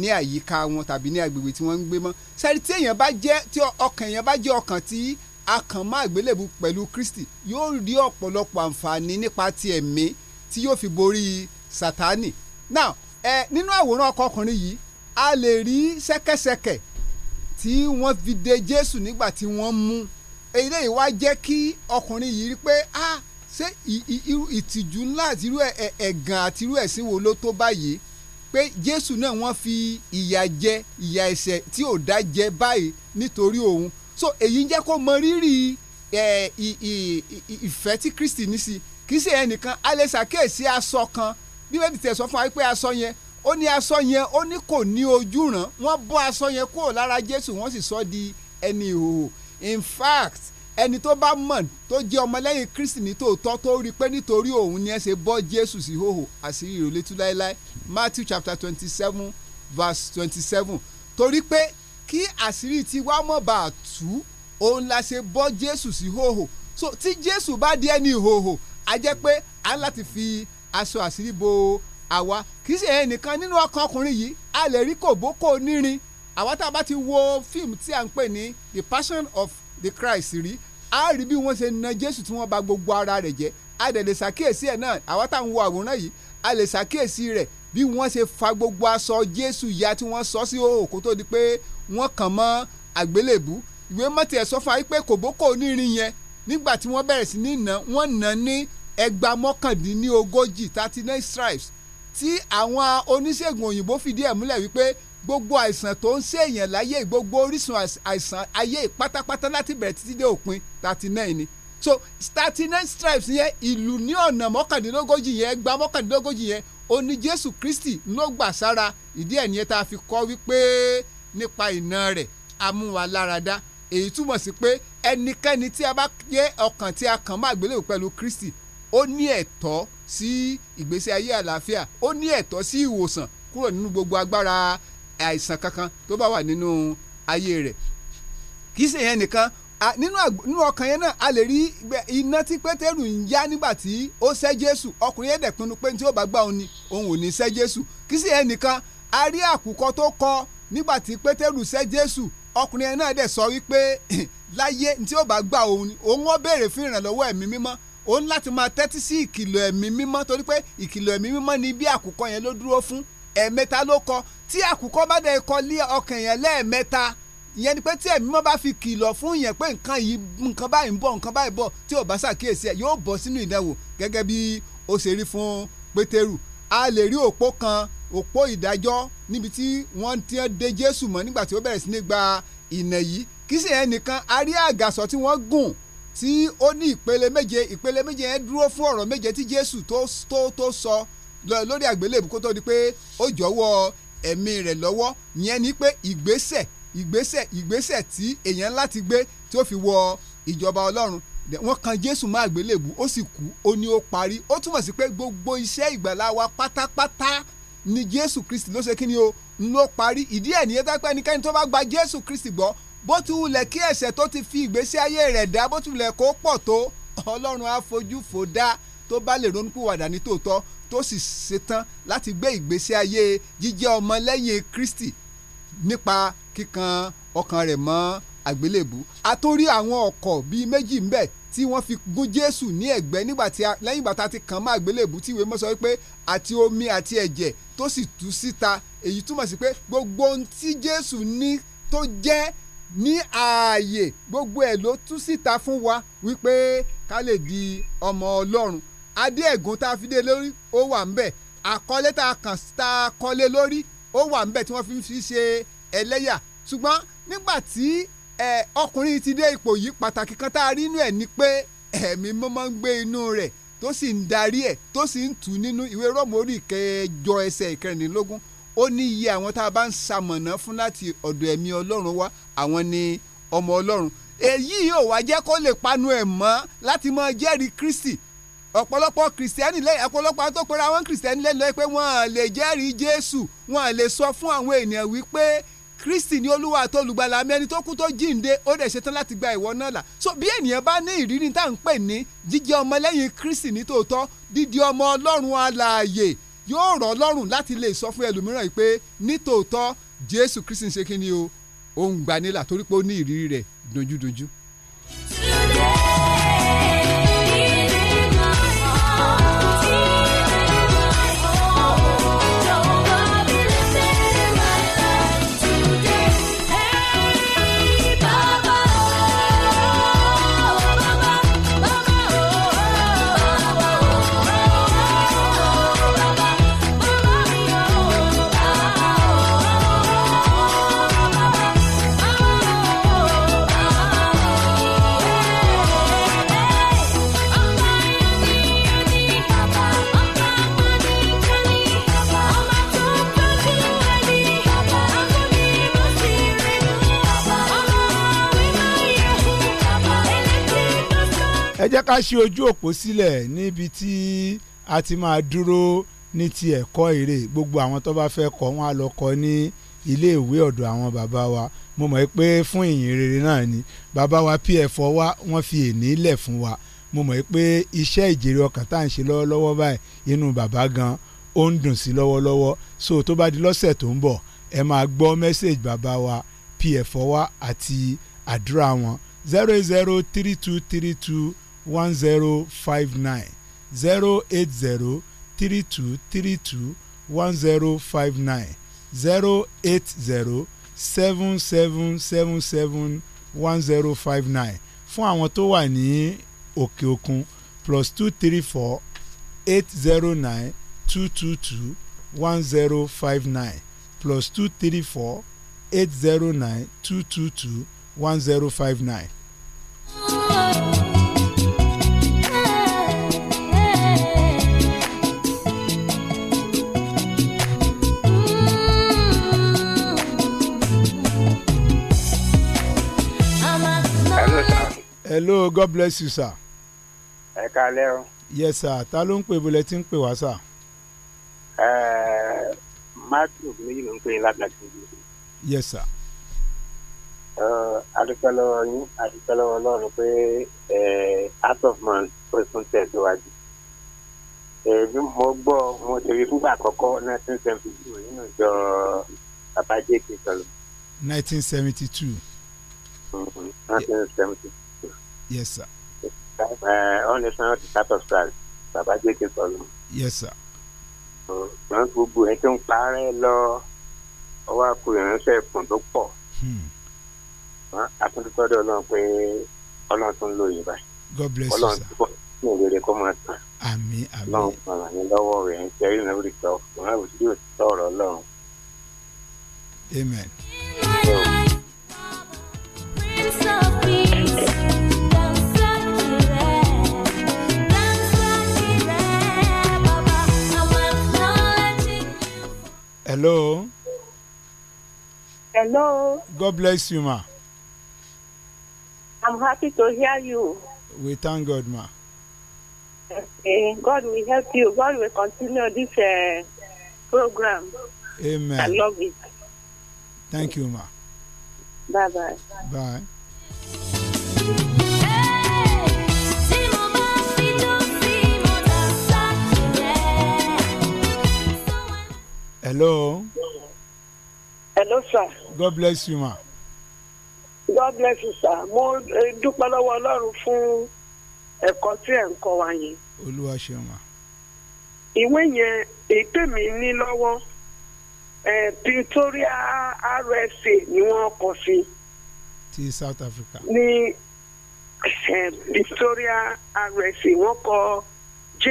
ní àyíká wọn tàbí ní agbègbè tí wọ́n ń gbé mọ́ ṣe rí tí ọkàn èèyàn bá jẹ́ ọkàn tí akànmọ́ àgbélébù pẹ̀lú Kristi yóò rí ọ̀pọ̀lọpọ̀ àǹfààní nípa ti ẹ̀mí tí yóò fi borí Sátánì now ẹ nínú àwòrán ọkọ ọkùnrin yìí a lè rí ṣẹ̀kẹ̀ṣẹ̀kẹ̀ tí wọ́n fi de Jésù nígbà tí wọ́n mú eléyìí wá jẹ́ kí ọkùnrin yìí rí pé ah ṣé ìtìjú ńlá àti irú ẹ̀gàn àti irú ẹ̀sìn wo ló tó báyìí pé jésù náà wọ́n fi ìyà jẹ ìyà ẹ̀ṣẹ̀ tí ò dá jẹ báyìí nítorí òun so èyí ń jẹ́ kó mọ rírì ìfẹ́ tí Kristi ní sí kì í ṣe ẹnìkan a lè ṣàkíyèsí aṣọ kan bíbélì tẹ̀ sọ fún wa pé aṣọ yẹn ó ní aṣọ yẹn ó ní kò ní ojú ràn wọ́n bọ́ aṣọ yẹn kúrò lára Jésù wọ́n sì sọ di ẹni ìhòòhò in fact ẹni tó bá mọ̀ tó jẹ́ ọmọlẹ́yìn Kristi ní tòótọ́ tó rí i pé nítorí òun ni ẹ ṣe bọ́ Jésù sí hòhò àṣírí ìrọ̀lẹ́tú láéláé Matthew chapter twenty seven verse twenty seven torí pé kí àṣírí tiwa mọ̀ bá a tú òun la ṣe bọ́ Jésù sí hòhò so tí Jésù bá di ẹni hòhò a jẹ́ pé a ń láti fi aṣọ àṣírí bo àwa kì í ṣe ẹnìkan nínú ọkàn ọkùnrin yìí a lè rí kòbókò onírin àwa tá a bá ti wo fíìmù tí a ń pè ní the passion of the Christ rí a rí bí wọ́n ṣe na Jésù tí wọ́n bà gbogbo ara rẹ̀ jẹ́ a dẹ̀ lè ṣàkíyèsí ẹ̀ náà àwa tá à ń wo àwòrán yìí a lè ṣàkíyèsí rẹ̀ bí wọ́n ṣe fa gbogbo aṣọ Jésù ya tí wọ́n sọ sí òkú tó di pé wọ́n kàn mọ́ àgbélébù ìwé mọ́tì ẹ̀ sọ́fà yìí pé kòbókò onírin yẹn nígbà tí wọ́n bẹ̀rẹ̀ sí ní nà wọ́n nà ní ẹgbàá mọ́kàndínlógójì thirty nine stripes tí àwọn oníṣègùn òyìnbó fìdí ẹ̀ múlẹ̀ wípé gbogbo àìsàn tó ń ṣe èèyàn láyé gbogbo orísun àìsàn ayé pátápátá láti bẹ̀rẹ̀ títí dé òpin thirty nine ni so thirty nine stripes yẹn ìlú ní ọ̀nà mọ́kàndínlógójì yẹn ẹgbàá mọ́kàndínlógójì yẹn ó ní Jésù Kristi ló gbà sára ìdí ẹ̀ nípa ìná rẹ̀ amúwaláradá èyí túmọ̀ sí pé ẹnikẹ́ni tí a bá yẹ ọkàn tí a kàn má gbélé pẹ̀lú Kristi ó ní ẹ̀tọ́ sí ìgbésí ayé àlàáfíà ó ní ẹ̀tọ́ sí ìwòsàn kúrò nínú gbogbo agbára àìsàn kankan tó bá wà nínú ayé rẹ̀ kì í ṣe yẹn nìkan nínú ọkàn yẹn náà a lè rí iná tí pétérù ń yá nígbà tí ó sẹ́ jésù ọkùnrin yẹn dẹ̀ pinnu pé tí ó bá gbà òun ni òun ò ní sẹ́ jésù kì í ṣe yẹn nìkan a rí àkùkọ tó kọ nígbà tí pétérù sẹ́ jésù ọkùnrin yẹn náà dẹ̀ sọ wípé láyé tí ó bá gbà òun òun ó béèrè fún ìrànlọ́wọ́ ẹ̀mí mímọ́ òun láti máa tẹ́tí sí ìkìlọ̀ ẹ̀mí mímọ́ torí pé ìkìlọ̀ ẹ̀mí mímọ́ ni bí àkùkọ yẹn ló dúró fún ẹ̀ẹ̀mẹ́ta ló kọ tí àkùkọ bá dẹ̀ kọ lé ọkàn yẹn lẹ́ẹ̀mẹ́ta ìyẹn ni pé tí ẹ̀mí mọ́ bá fi kìlọ̀ fún yẹn pé nǹkan yìí nǹkan báyìí ń bọ̀ nǹkan báyìí bọ̀ tí ò bá ṣàkíyèsí ẹ̀ yóò bọ̀ sínú ìdánwò gẹ́gẹ́ bí ó ṣe rí fún pétérù a lè rí òpó kan òpó ìdájọ́ níbi tí wọ́n ti ń de Jésù mọ́ nígbà tí ó bẹ̀rẹ̀ sí ní gba ìnà yìí kì sì yẹn nìkan a rí àgàsọ̀ tí wọ́n gùn tí ó ní ìpele méje ìpele méje yẹn dúró fún ọ̀rọ̀ méje tí Jésù tó tó tó sọ lórí àgbélébùú kó tó di pé ó jọ̀wọ́ ẹ̀mí rẹ̀ lọ́wọ́ yẹn ni pé ìgbésẹ̀ ìgbésẹ̀ ìgbésẹ̀ tí èèyàn láti gbé tí ó fi wọ ìjọba Ọlọ́run wọ́n kan Jésù máa gbélébù ó sì kú ó ní ó parí ó túmọ̀ sí pé gbogbo iṣẹ́ ìgbàlá wa pátápátá ni Jésù Kristi ló ṣe kí ni o ló parí ìdí ẹ̀ nìyẹn tápẹ́ ẹnikẹ́ni tó bá gba Jésù Kristi gbọ́ bó ti wulẹ̀ kí ẹ̀ṣẹ̀ tó ti fi ìgbésí ayé rẹ̀ dá bó ti wulẹ̀ kó pọ̀ tó Ọlọ́run àfojúfò dá tó bá lè ronúpìwàdà ní tòótọ́ tó sì ṣetán láti gbé ìgbésí ayé jíjẹ́ ọmọ lẹ́yìn Kristi nípa kíkan ọkàn rẹ̀ mọ́ àgbélébù àtòrí àwọn ọkọ̀ bíi méjì ń bẹ tí wọ́n fi gún Jésù ní ẹ̀gbẹ́ nígbàtí lẹ́yìn bàtà ti kàn máa gbélébù tí ìwé mọ́ sọ wípé àti omi àti ẹ̀jẹ̀ tó sì tú síta èyí túmọ̀ sí pé gbogbo ohun tí Jésù ní tó jẹ́ ní ààyè gbogbo ẹ̀ ló tú síta fún wa wípé ká lè di ọmọ Ọlọ́run adé ẹ̀gún tá a fi dé lórí ó wà ń bẹ̀ àkọlé tá a kàn tá a kọlé lórí ó wà ń bẹ̀ tí wọ́n fi ń fi ṣe ẹlẹ́yà ṣùgbọ́n nígbà ọkùnrin ti dé ipò yìí pàtàkì kan tá a rí inú ẹ̀ ni pé ẹ̀mí mọ́mọ́ ń gbé inú rẹ̀ tó sì ń darí ẹ̀ tó sì ń tù nínú ìwé rọ́ọ̀mù orí ìkẹjọ ẹsẹ̀ ìkẹrìnlélógún ó ní iye àwọn tá a bá ń ṣamọ̀nà fún láti ọ̀dọ̀ ẹ̀mí ọlọ́run wá àwọn ni ọmọ ọlọ́run èyí yóò wá jẹ́ kó lè panu ẹ̀ mọ́ láti máa jẹ́rìí Kristi ọ̀pọ̀lọpọ̀ kìrìsìtẹ́nì lẹ́yìn ọ̀pọ̀lọpọ̀ tó pera wọn kìrìsìtẹ́nì lẹ́yìn lọ́wọ́ pé wọ́n lè jẹ́rìí Jésù wọ́n lè sọ fún àwọn ènìyàn wípé kristi ni olúwa àti olùgbàlà mi ẹni tó kú tó jíǹde ó dẹ̀ ṣetán láti gba ìwọ náà là so bí ènìyàn bá ní ìrírí tá à ń pè ní jíjẹ́ ọmọ lẹ́yìn kristi ní tòótọ́ dídi ọmọ ọlọ́run alààyè yóò rọ̀ lọ́rùn láti lè sọ fún ẹlòmíràn yìí pé ní tòótọ́ jésù kristi ń ṣe kí ni o òun gbà nílà torí pé ó ní ìrírí rẹ̀ dunjúdunjú. jẹ́ ká ṣe ojú òpó sílẹ̀ níbi tí a ti máa dúró ní ti ẹ̀kọ́ èrè gbogbo àwọn tó bá fẹ́ kọ́ wọn á lọ kọ́ ní ilé ìwé ọ̀dọ̀ àwọn bàbá wa mo mọ̀ pé fún ìyìn rere náà ni bàbá wa pf wa wọ́n fi èní lẹ̀ fún wa mo mọ̀ pé iṣẹ́ ìjèrè ọkàn tá à ń ṣe lọ́wọ́lọ́wọ́ báyìí inú bàbá gan ó ń dùn sí lọ́wọ́lọ́wọ́ so tó bá di lọ́sẹ̀ tó ń bọ̀ ẹ máa gbọ́ mẹ́sẹ̀gì bàbá wa pf wa àti àdúrà wọn zero zero three two three two one zero five nine zero eight zero three two three two one zero five nine zero eight zero seven seven seven seven one zero five nine fún àwọn tó wà ní òkè òkun plus two three four eight zero nine two two two one zero five nine plus two three four eight zero nine two two two one zero five nine. Oh, hello god bless you sir. ẹ kalẹ o. yes sir ta ló ń pè bọ́lẹ̀ tí ń pè wá sir. ẹẹ matthew méjì ló ń pè lágbàdo. yes sir. adúpẹ́lẹ́ ọyún adúpẹ́lẹ́ ọlọ́run pé heart of man pé fún tẹ̀síwájú. èmi mo gbọ́ mo ti rí fúgbà àkọ́kọ́ nineteen seventy two nínú ìjọ babajé kìtọ́lù. nineteen seventy two. Mm-hmm. nineteen seventy two yes sir. all national type of stars bàbá jẹ́kí sọ̀rọ̀. yes sir. ọ̀gbọ́n gbogbo ẹ̀ tó ń parẹ́ lọ ọwọ́ àkó ìránṣẹ́ ẹ̀kùn tó pọ̀. akúndúkọ́dọ̀ náà pé ọlọ́run tó ń lò yìí báyìí. God bless you sir. ọlọ́run tó ń lò yìí kọ́ máa tàn. àmín àmín. ọlọ́run pàrọ̀ ní lọ́wọ́ rẹ̀ ń tẹ́rí náà rí sọ ọ̀gbọ́n àbùsí yóò tọ̀rọ̀ ọlọ́run. amen. Yeah. Prince of Peace. Hello. Hello. God bless you, ma. I'm happy to hear you. We thank God, ma. Okay. God will help you. God will continue this uh, program. Amen. I love it. Thank you, ma. Bye bye. Bye. Hello. Hello, sir. God bless you, ma. God bless you, sir. Mo eh, dúpẹ́ lọ́wọ́ Ọlọ́run fún ẹ̀kọ́ tí ẹ̀ ń kọ́ wa yẹn. Olúwa ṣe mà. Ìwé yẹn ètè mi ní lọ́wọ́ Pretoria RSA ni wọ́n kọ sí. Ti South Africa. Ní Pretoria RSA wọ́n kọ J.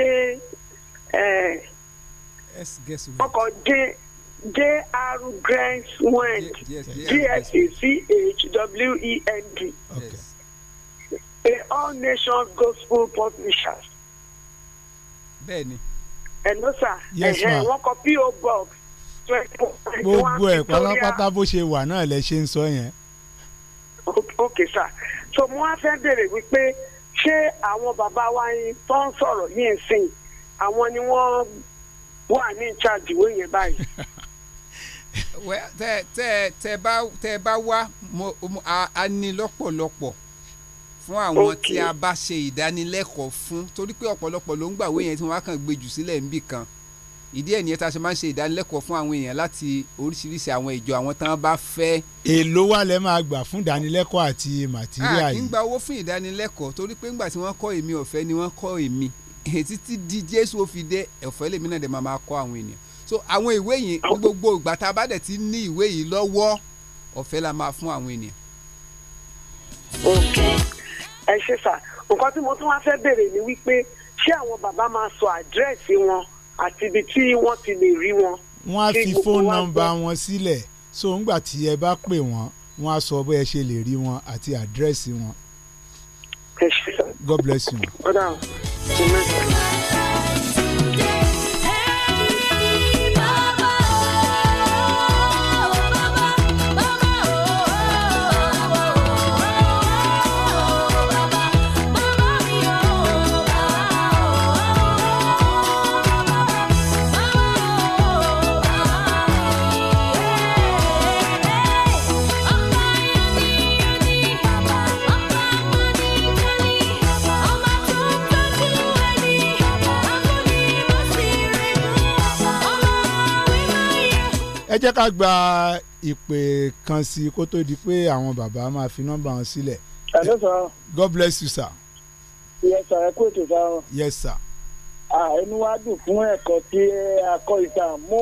Eh, ọkọ̀ jẹ́. J.R. Grant Wend G-S-E-C-H-W-E-N-D. E e A All Nations Gospel Publishers. Bẹ́ẹ̀ni. Ẹ̀nọ́ sà, ẹ̀hẹ́ wọ́n kọ P.O. Box twenty one. Gbogbo ẹ̀ pátápátá bó ṣe wà náà lẹ ṣe ń sọ yẹn. Ok sà, so mo wá fẹ́ béèrè wípé ṣé àwọn bàbá wa yín tó ń sọ̀rọ̀ yìí ń sìn àwọn ni wọ́n wọ́n à ní in charge wọ́n yẹn báyìí. tẹ tẹ bá tẹ bá wá a ní lọ́pọ̀lọpọ̀ fún àwọn tí a bá ṣe ìdánilẹ́kọ̀ọ́ fún torí pé ọ̀pọ̀lọpọ̀ ló ń gbàwé yẹn tí wọ́n á kàn gbé jù sílẹ̀ níbì kan ìdí ẹ̀ nìyẹn tá a ṣe máa ń ṣe ìdánilẹ́kọ̀ọ́ fún àwọn èèyàn láti oríṣiríṣi àwọn ìjọ àwọn tán bá fẹ́. èló wà lẹ́ máa gbà fún ìdánilẹ́kọ̀ọ́ àti màtíríà yìí. a kì í gba owó fún ìdánilẹ́kọ̀ọ́ torí pé ńgbà tí wọ́n kọ́ èmi ọ̀fẹ́ ni wọ́n kọ́ èmi títí di jésù òfin dé ẹ̀fọ́ lèmi náà dẹ̀ máa kọ́ àwọn ènìyàn so àwọn ìwé yìí gbogbo ìgbà tá a bá dẹ̀ ti ní ìwé yìí lọ́wọ́ ọ̀fẹ́ la máa fún àwọn ènìyàn. ẹ ṣe sà nǹkan tí mo tún wá fẹ́ béèrè ni wípé ṣé àwọn bàbá máa sọ àdírẹ́sì wọn àti ibi tí wọ́n ti lè rí wọn. wọ́n á fi fóònù nọ́mbà wọn sílẹ̀ so ńgbà tí ẹ bá pè wọ́n wọ́n á sọ bó ẹ ṣe lè rí wọn àti àdírẹ́sì wọn. God bless you. jẹ́ ká gba ìpè kan sí kó tó di pé àwọn bàbá máa fi nọ́mbà wọn sílẹ̀. hello sir. God bless you sir. yes sir ẹ kú ètò sá o. yes sir. ẹnu wa dùn fún ẹ̀kọ́ tí a ìta mú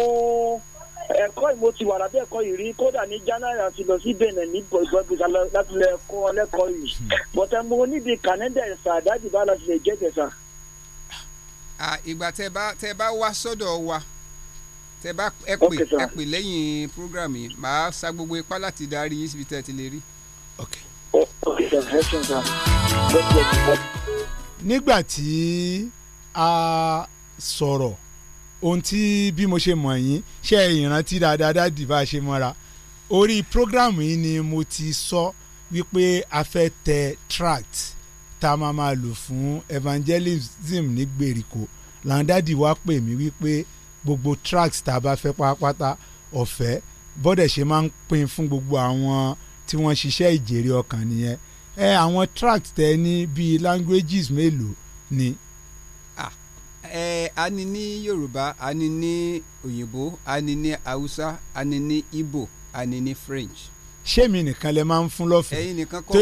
ẹ̀kọ́ yìí ti wà lábẹ́ ẹ̀kọ́ yìí rí kódà ní january àti lọ sí benin ní gbọ̀gbọ̀gbọ̀gbà láti lọ ẹ̀kọ́ ọlẹ́kọ̀ọ́ yìí hmm. bọ̀tẹ́ mo níbi kànẹ́dà ẹ̀sà àdájì bá láti lè jẹ́ tẹ̀sà. ìgbà tẹ bá wá sọ́dọ̀ wa tẹ bá ẹ pè ẹ pè lẹ́yìn program yìí màá sa gbogbo ipá láti darí yín síbi tẹ́ ẹ ti lè rí. Oh, nígbà tí a sọ̀rọ̀ ohun tí bí mo ṣe mọ̀ yín ṣe ìrántí dáadáa dáàdì bá a ṣe mọ́ra orí program yìí ni mo ti sọ wípé a fẹ́ tẹ tract tá a máa máa lò fún evangelism ní gbèríko làǹdàdì wa pè mí wípé gbogbo tracks tá a bá fẹ́ pátápátá ọ̀fẹ́ bọ́dẹ̀ ṣe máa ń pín fún gbogbo àwọn tí wọ́n ṣiṣẹ́ ìjèrè ọkàn nìyẹn ẹ àwọn tracks tẹ ní bíi languages mélòó ni. ẹ a ní ní yorùbá a ní ní òyìnbó a ní ní haúsá a ní ní igbo a ní ní french ṣé mi nìkan lè máa ń fún lọ́fẹ̀ẹ́ ẹ̀yin nìkan kọ́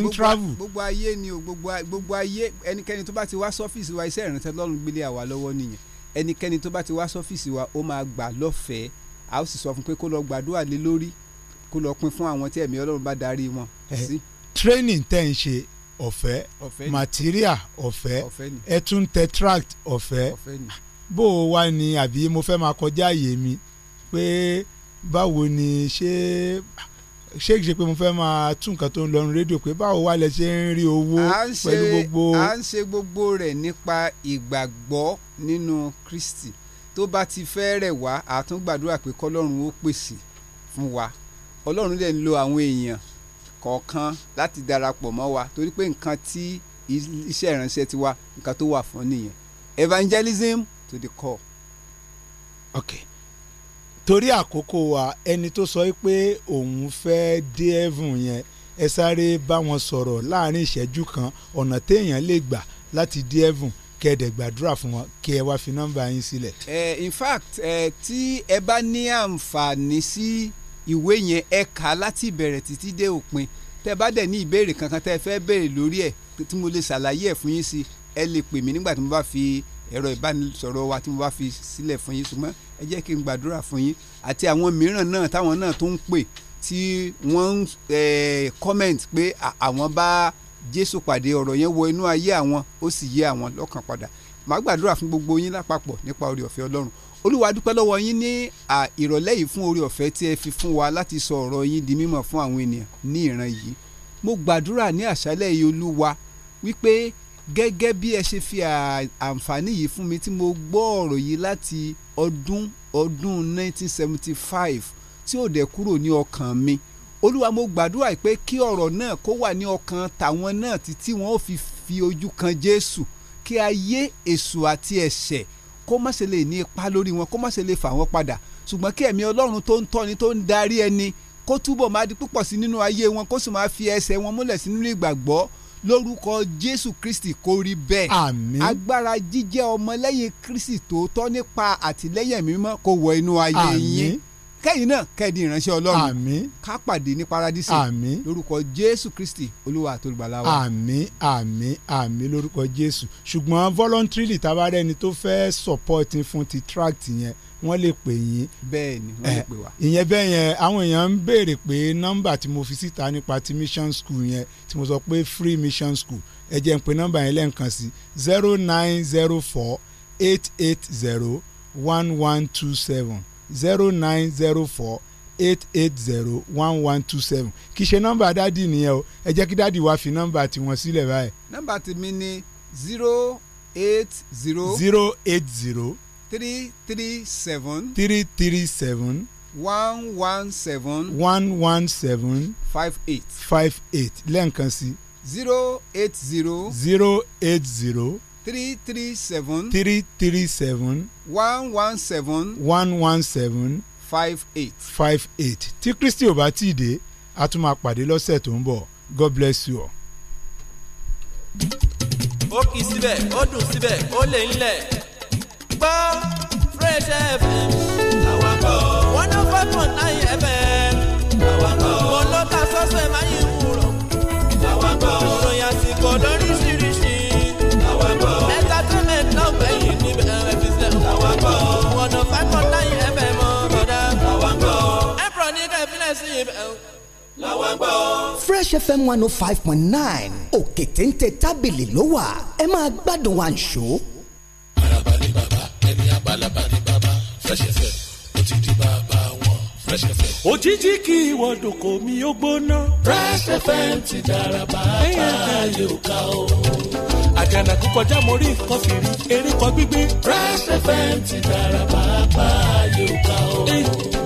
tó travel. gbogbo ayé ni o gbogbo ayé ẹnikẹ́ni tó bá ti wá sọ́fíìsì wa iṣẹ́ ìrìnsẹ̀ lọ́rùn gbélé àwa lọ́wọ́ nìyẹn ẹnikẹ́ni tó bá ti wá sọ́fíìsì wa ó máa gbà lọ́fẹ̀ẹ́ a ó sì sọ fún pé kó lọ gbàdúrà lé lórí kó lọ pin fún àwọn tí ẹ̀mí ọlọ́run bá darí wọn training tẹ́ ń ṣe ọ̀fẹ́ material ọ̀fẹ́ ẹ tún tẹ tract ọ̀fẹ́ bó o wá ni àbí mo fẹ́ máa kọjá àyè mi pé báwo ni ṣé. Ṣe ṣé kìí ṣe pé mo fẹ́ máa tún nǹkan tó ń lọ rédíò pé báwo wá lẹ ṣe ń rí owó pẹ̀lú gbogbo. à ń ṣe gbogbo rẹ̀ nípa ìgbàgbọ́ nínú Kristi tó bá ti fẹ́ rẹ̀ wá àtúngbàdúrà pé kọ́lọ́run ó pèsè fún wa ọlọ́run dẹ̀ lo àwọn èèyàn kọ̀ọ̀kan láti darapọ̀ mọ́ wa torí pé nǹkan tí iṣẹ́ ìránṣẹ́ ti wa nǹkan tó wà fún nìyẹn evangelism to the core. okay torí àkókò wa ẹni tó sọ pé òun fẹ́ dé heaven yẹn ẹ sáré bá wọn sọ̀rọ̀ láàrin ìṣẹ́jú kan ọ̀nà téèyàn lè gbà láti dé heaven kẹ́ẹ̀dẹ̀ gbàdúrà fún wọn kí ẹ wá fi nọ́mbà yín sílẹ̀. in fact ẹ tí ẹ bá ní àǹfààní sí ìwé yẹn ẹ kà á láti ìbẹ̀rẹ̀ títí dé òpin tẹ bá dẹ̀ ní ìbéèrè kankan tẹ fẹ́ béèrè lórí ẹ̀ tí mo lè ṣàlàyé ẹ̀ fún yín sí ẹ lè pè mí nígbà tí mo bá fi ẹ̀rọ ìbánisọ̀rọ̀ wa tí mo bá fi sílẹ̀ fún yín ṣùgbọ́n ẹ jẹ́ kí n gbàdúrà fún yín àti àwọn mìíràn náà táwọn náà tó ń pè tí wọ́n ń comment pé àwọn bá Jésù pàdé ọ̀rọ̀ yẹn wọ inú ayé àwọn ó sì yé àwọn lọ́kàn padà màá gbàdúrà fún gbogbo yín lápapọ̀ nípa oore ọ̀fẹ́ Ọlọ́run Olúwa dúpẹ́ lọ́wọ́ yín ní ìrọ̀lẹ́ yìí fún oore ọ̀fẹ́ tí ẹ fi fún wa láti sọ ọ̀rọ̀ yín di mímọ̀ fún àwọn ènìyàn ní ìran yìí mo gbàdúrà ní àṣálẹ́ yìí Olúwa wípé gẹ́gẹ́ bí ẹ ṣe fi àǹfààní yìí fún mi tí mo gbọ́ ọ̀rọ̀ yìí láti ọdún ọdún 1975 tí ò dẹ̀ kúrò ní ọkàn mi olúwa mo gbàdúrà pé kí ọ̀rọ̀ náà kó wà ní ọkàn tàwọn náà títí wọn ò fi fi ojú kan Jésù kí ayé èṣù àti ẹ̀ṣẹ̀ kó má ṣe lè ní ipa lórí wọn kó má ṣe lè fà wọn padà ṣùgbọ́n kí ẹ̀mí Ọlọ́run tó ń tọ́ni tó ń darí ẹni kó túbọ̀ máa di púpọ̀ sí nínú ayé wọn kó sì máa fi ẹsẹ̀ wọn múlẹ̀ sí nínú ìgbàgbọ́ lórúkọ jésù kristi kó rí bẹ́ẹ̀ àmín agbára jíjẹ́ ọmọlẹ́yìn kristi tòótọ́ nípa àtìlẹ́yìn mímọ́ kó wọ inú ayé yín kẹ́yìn náà kẹ́ẹ̀dì ìránṣẹ́ ọlọ́run àmín ká pàdé ní paradísì àmín lórúkọ jésù kristi olúwa àtolùgbàlà wa. àmín àmín àmín lórúkọ jésù ṣùgbọ́n voluntarily tabarẹ́ni tó fẹ́ support fún ti tract yẹn wọ́n lè pè yín. bẹ́ẹ̀ ni wọ́n lè eh, pè wá. ìyẹn bẹ́ẹ̀ yẹn àwọn èèyàn ń béèrè pé nọ́mbà tí mo fi síta nípa ti mission school yẹn tí mo sọ pé free mission school ẹ jẹ́ n pe nọ́mbà yẹn lẹ́ǹkan sí zero nine zero four eight eight zero one one two seven zero nine zero four eight eight zero one one two seven kì í ṣe nọ́mbà dádì nìyẹn o ẹ jẹ́ kí dádì wá fi nọ́mbà tiwọn sílẹ̀ báyìí. nọ́mbà tèmi ni zero eight zero. zero eight zero three three seven. three three seven. one one seven. one one seven. five eight. five eight lẹ́ǹkan sí. zero eight zero. zero eight zero. three three seven. three three seven. one one seven. one one seven. five eight. five eight tí kristi ò bá tí ì dé a tún máa pàdé lọ́sẹ̀ tó ń bọ̀ god bless you all. ó kì í síbẹ̀ ó dùn síbẹ̀ ó lè ń lẹ̀ gbọ́ Fresh FM. àwa one oh five point nine FM. àwa mo lọ ta sọ́sẹ̀ máa yín wúrọ̀. àwa gbọ́. ìròyìn àsìkò lóríṣiríṣi. àwa entertainment náà gbẹ̀yìn níbẹ̀ ẹ̀ fi sẹ́. àwa one oh five point nine FM ọ̀dà. àwa gbọ́. ẹ̀pọ̀ ní ká ìpínlẹ̀ sí ibẹ̀ Fresh FM one oh five point nine òkè téńté tábìlì ló wà ẹ máa gbádùn àǹṣó. àràbà ẹni àbálàbà ni bàbá Fresh FM ó ti di bàbá wọn Fresh FM. òjijì kí ìwọ́dọ̀ kò mí ó gbóná. Fresh FM ti dára bàbá yóò ká o. àjànà kú kọjá mo rí nǹkan fìrí erékọ gbígbé. Fresh FM ti dára bàbá yóò ká o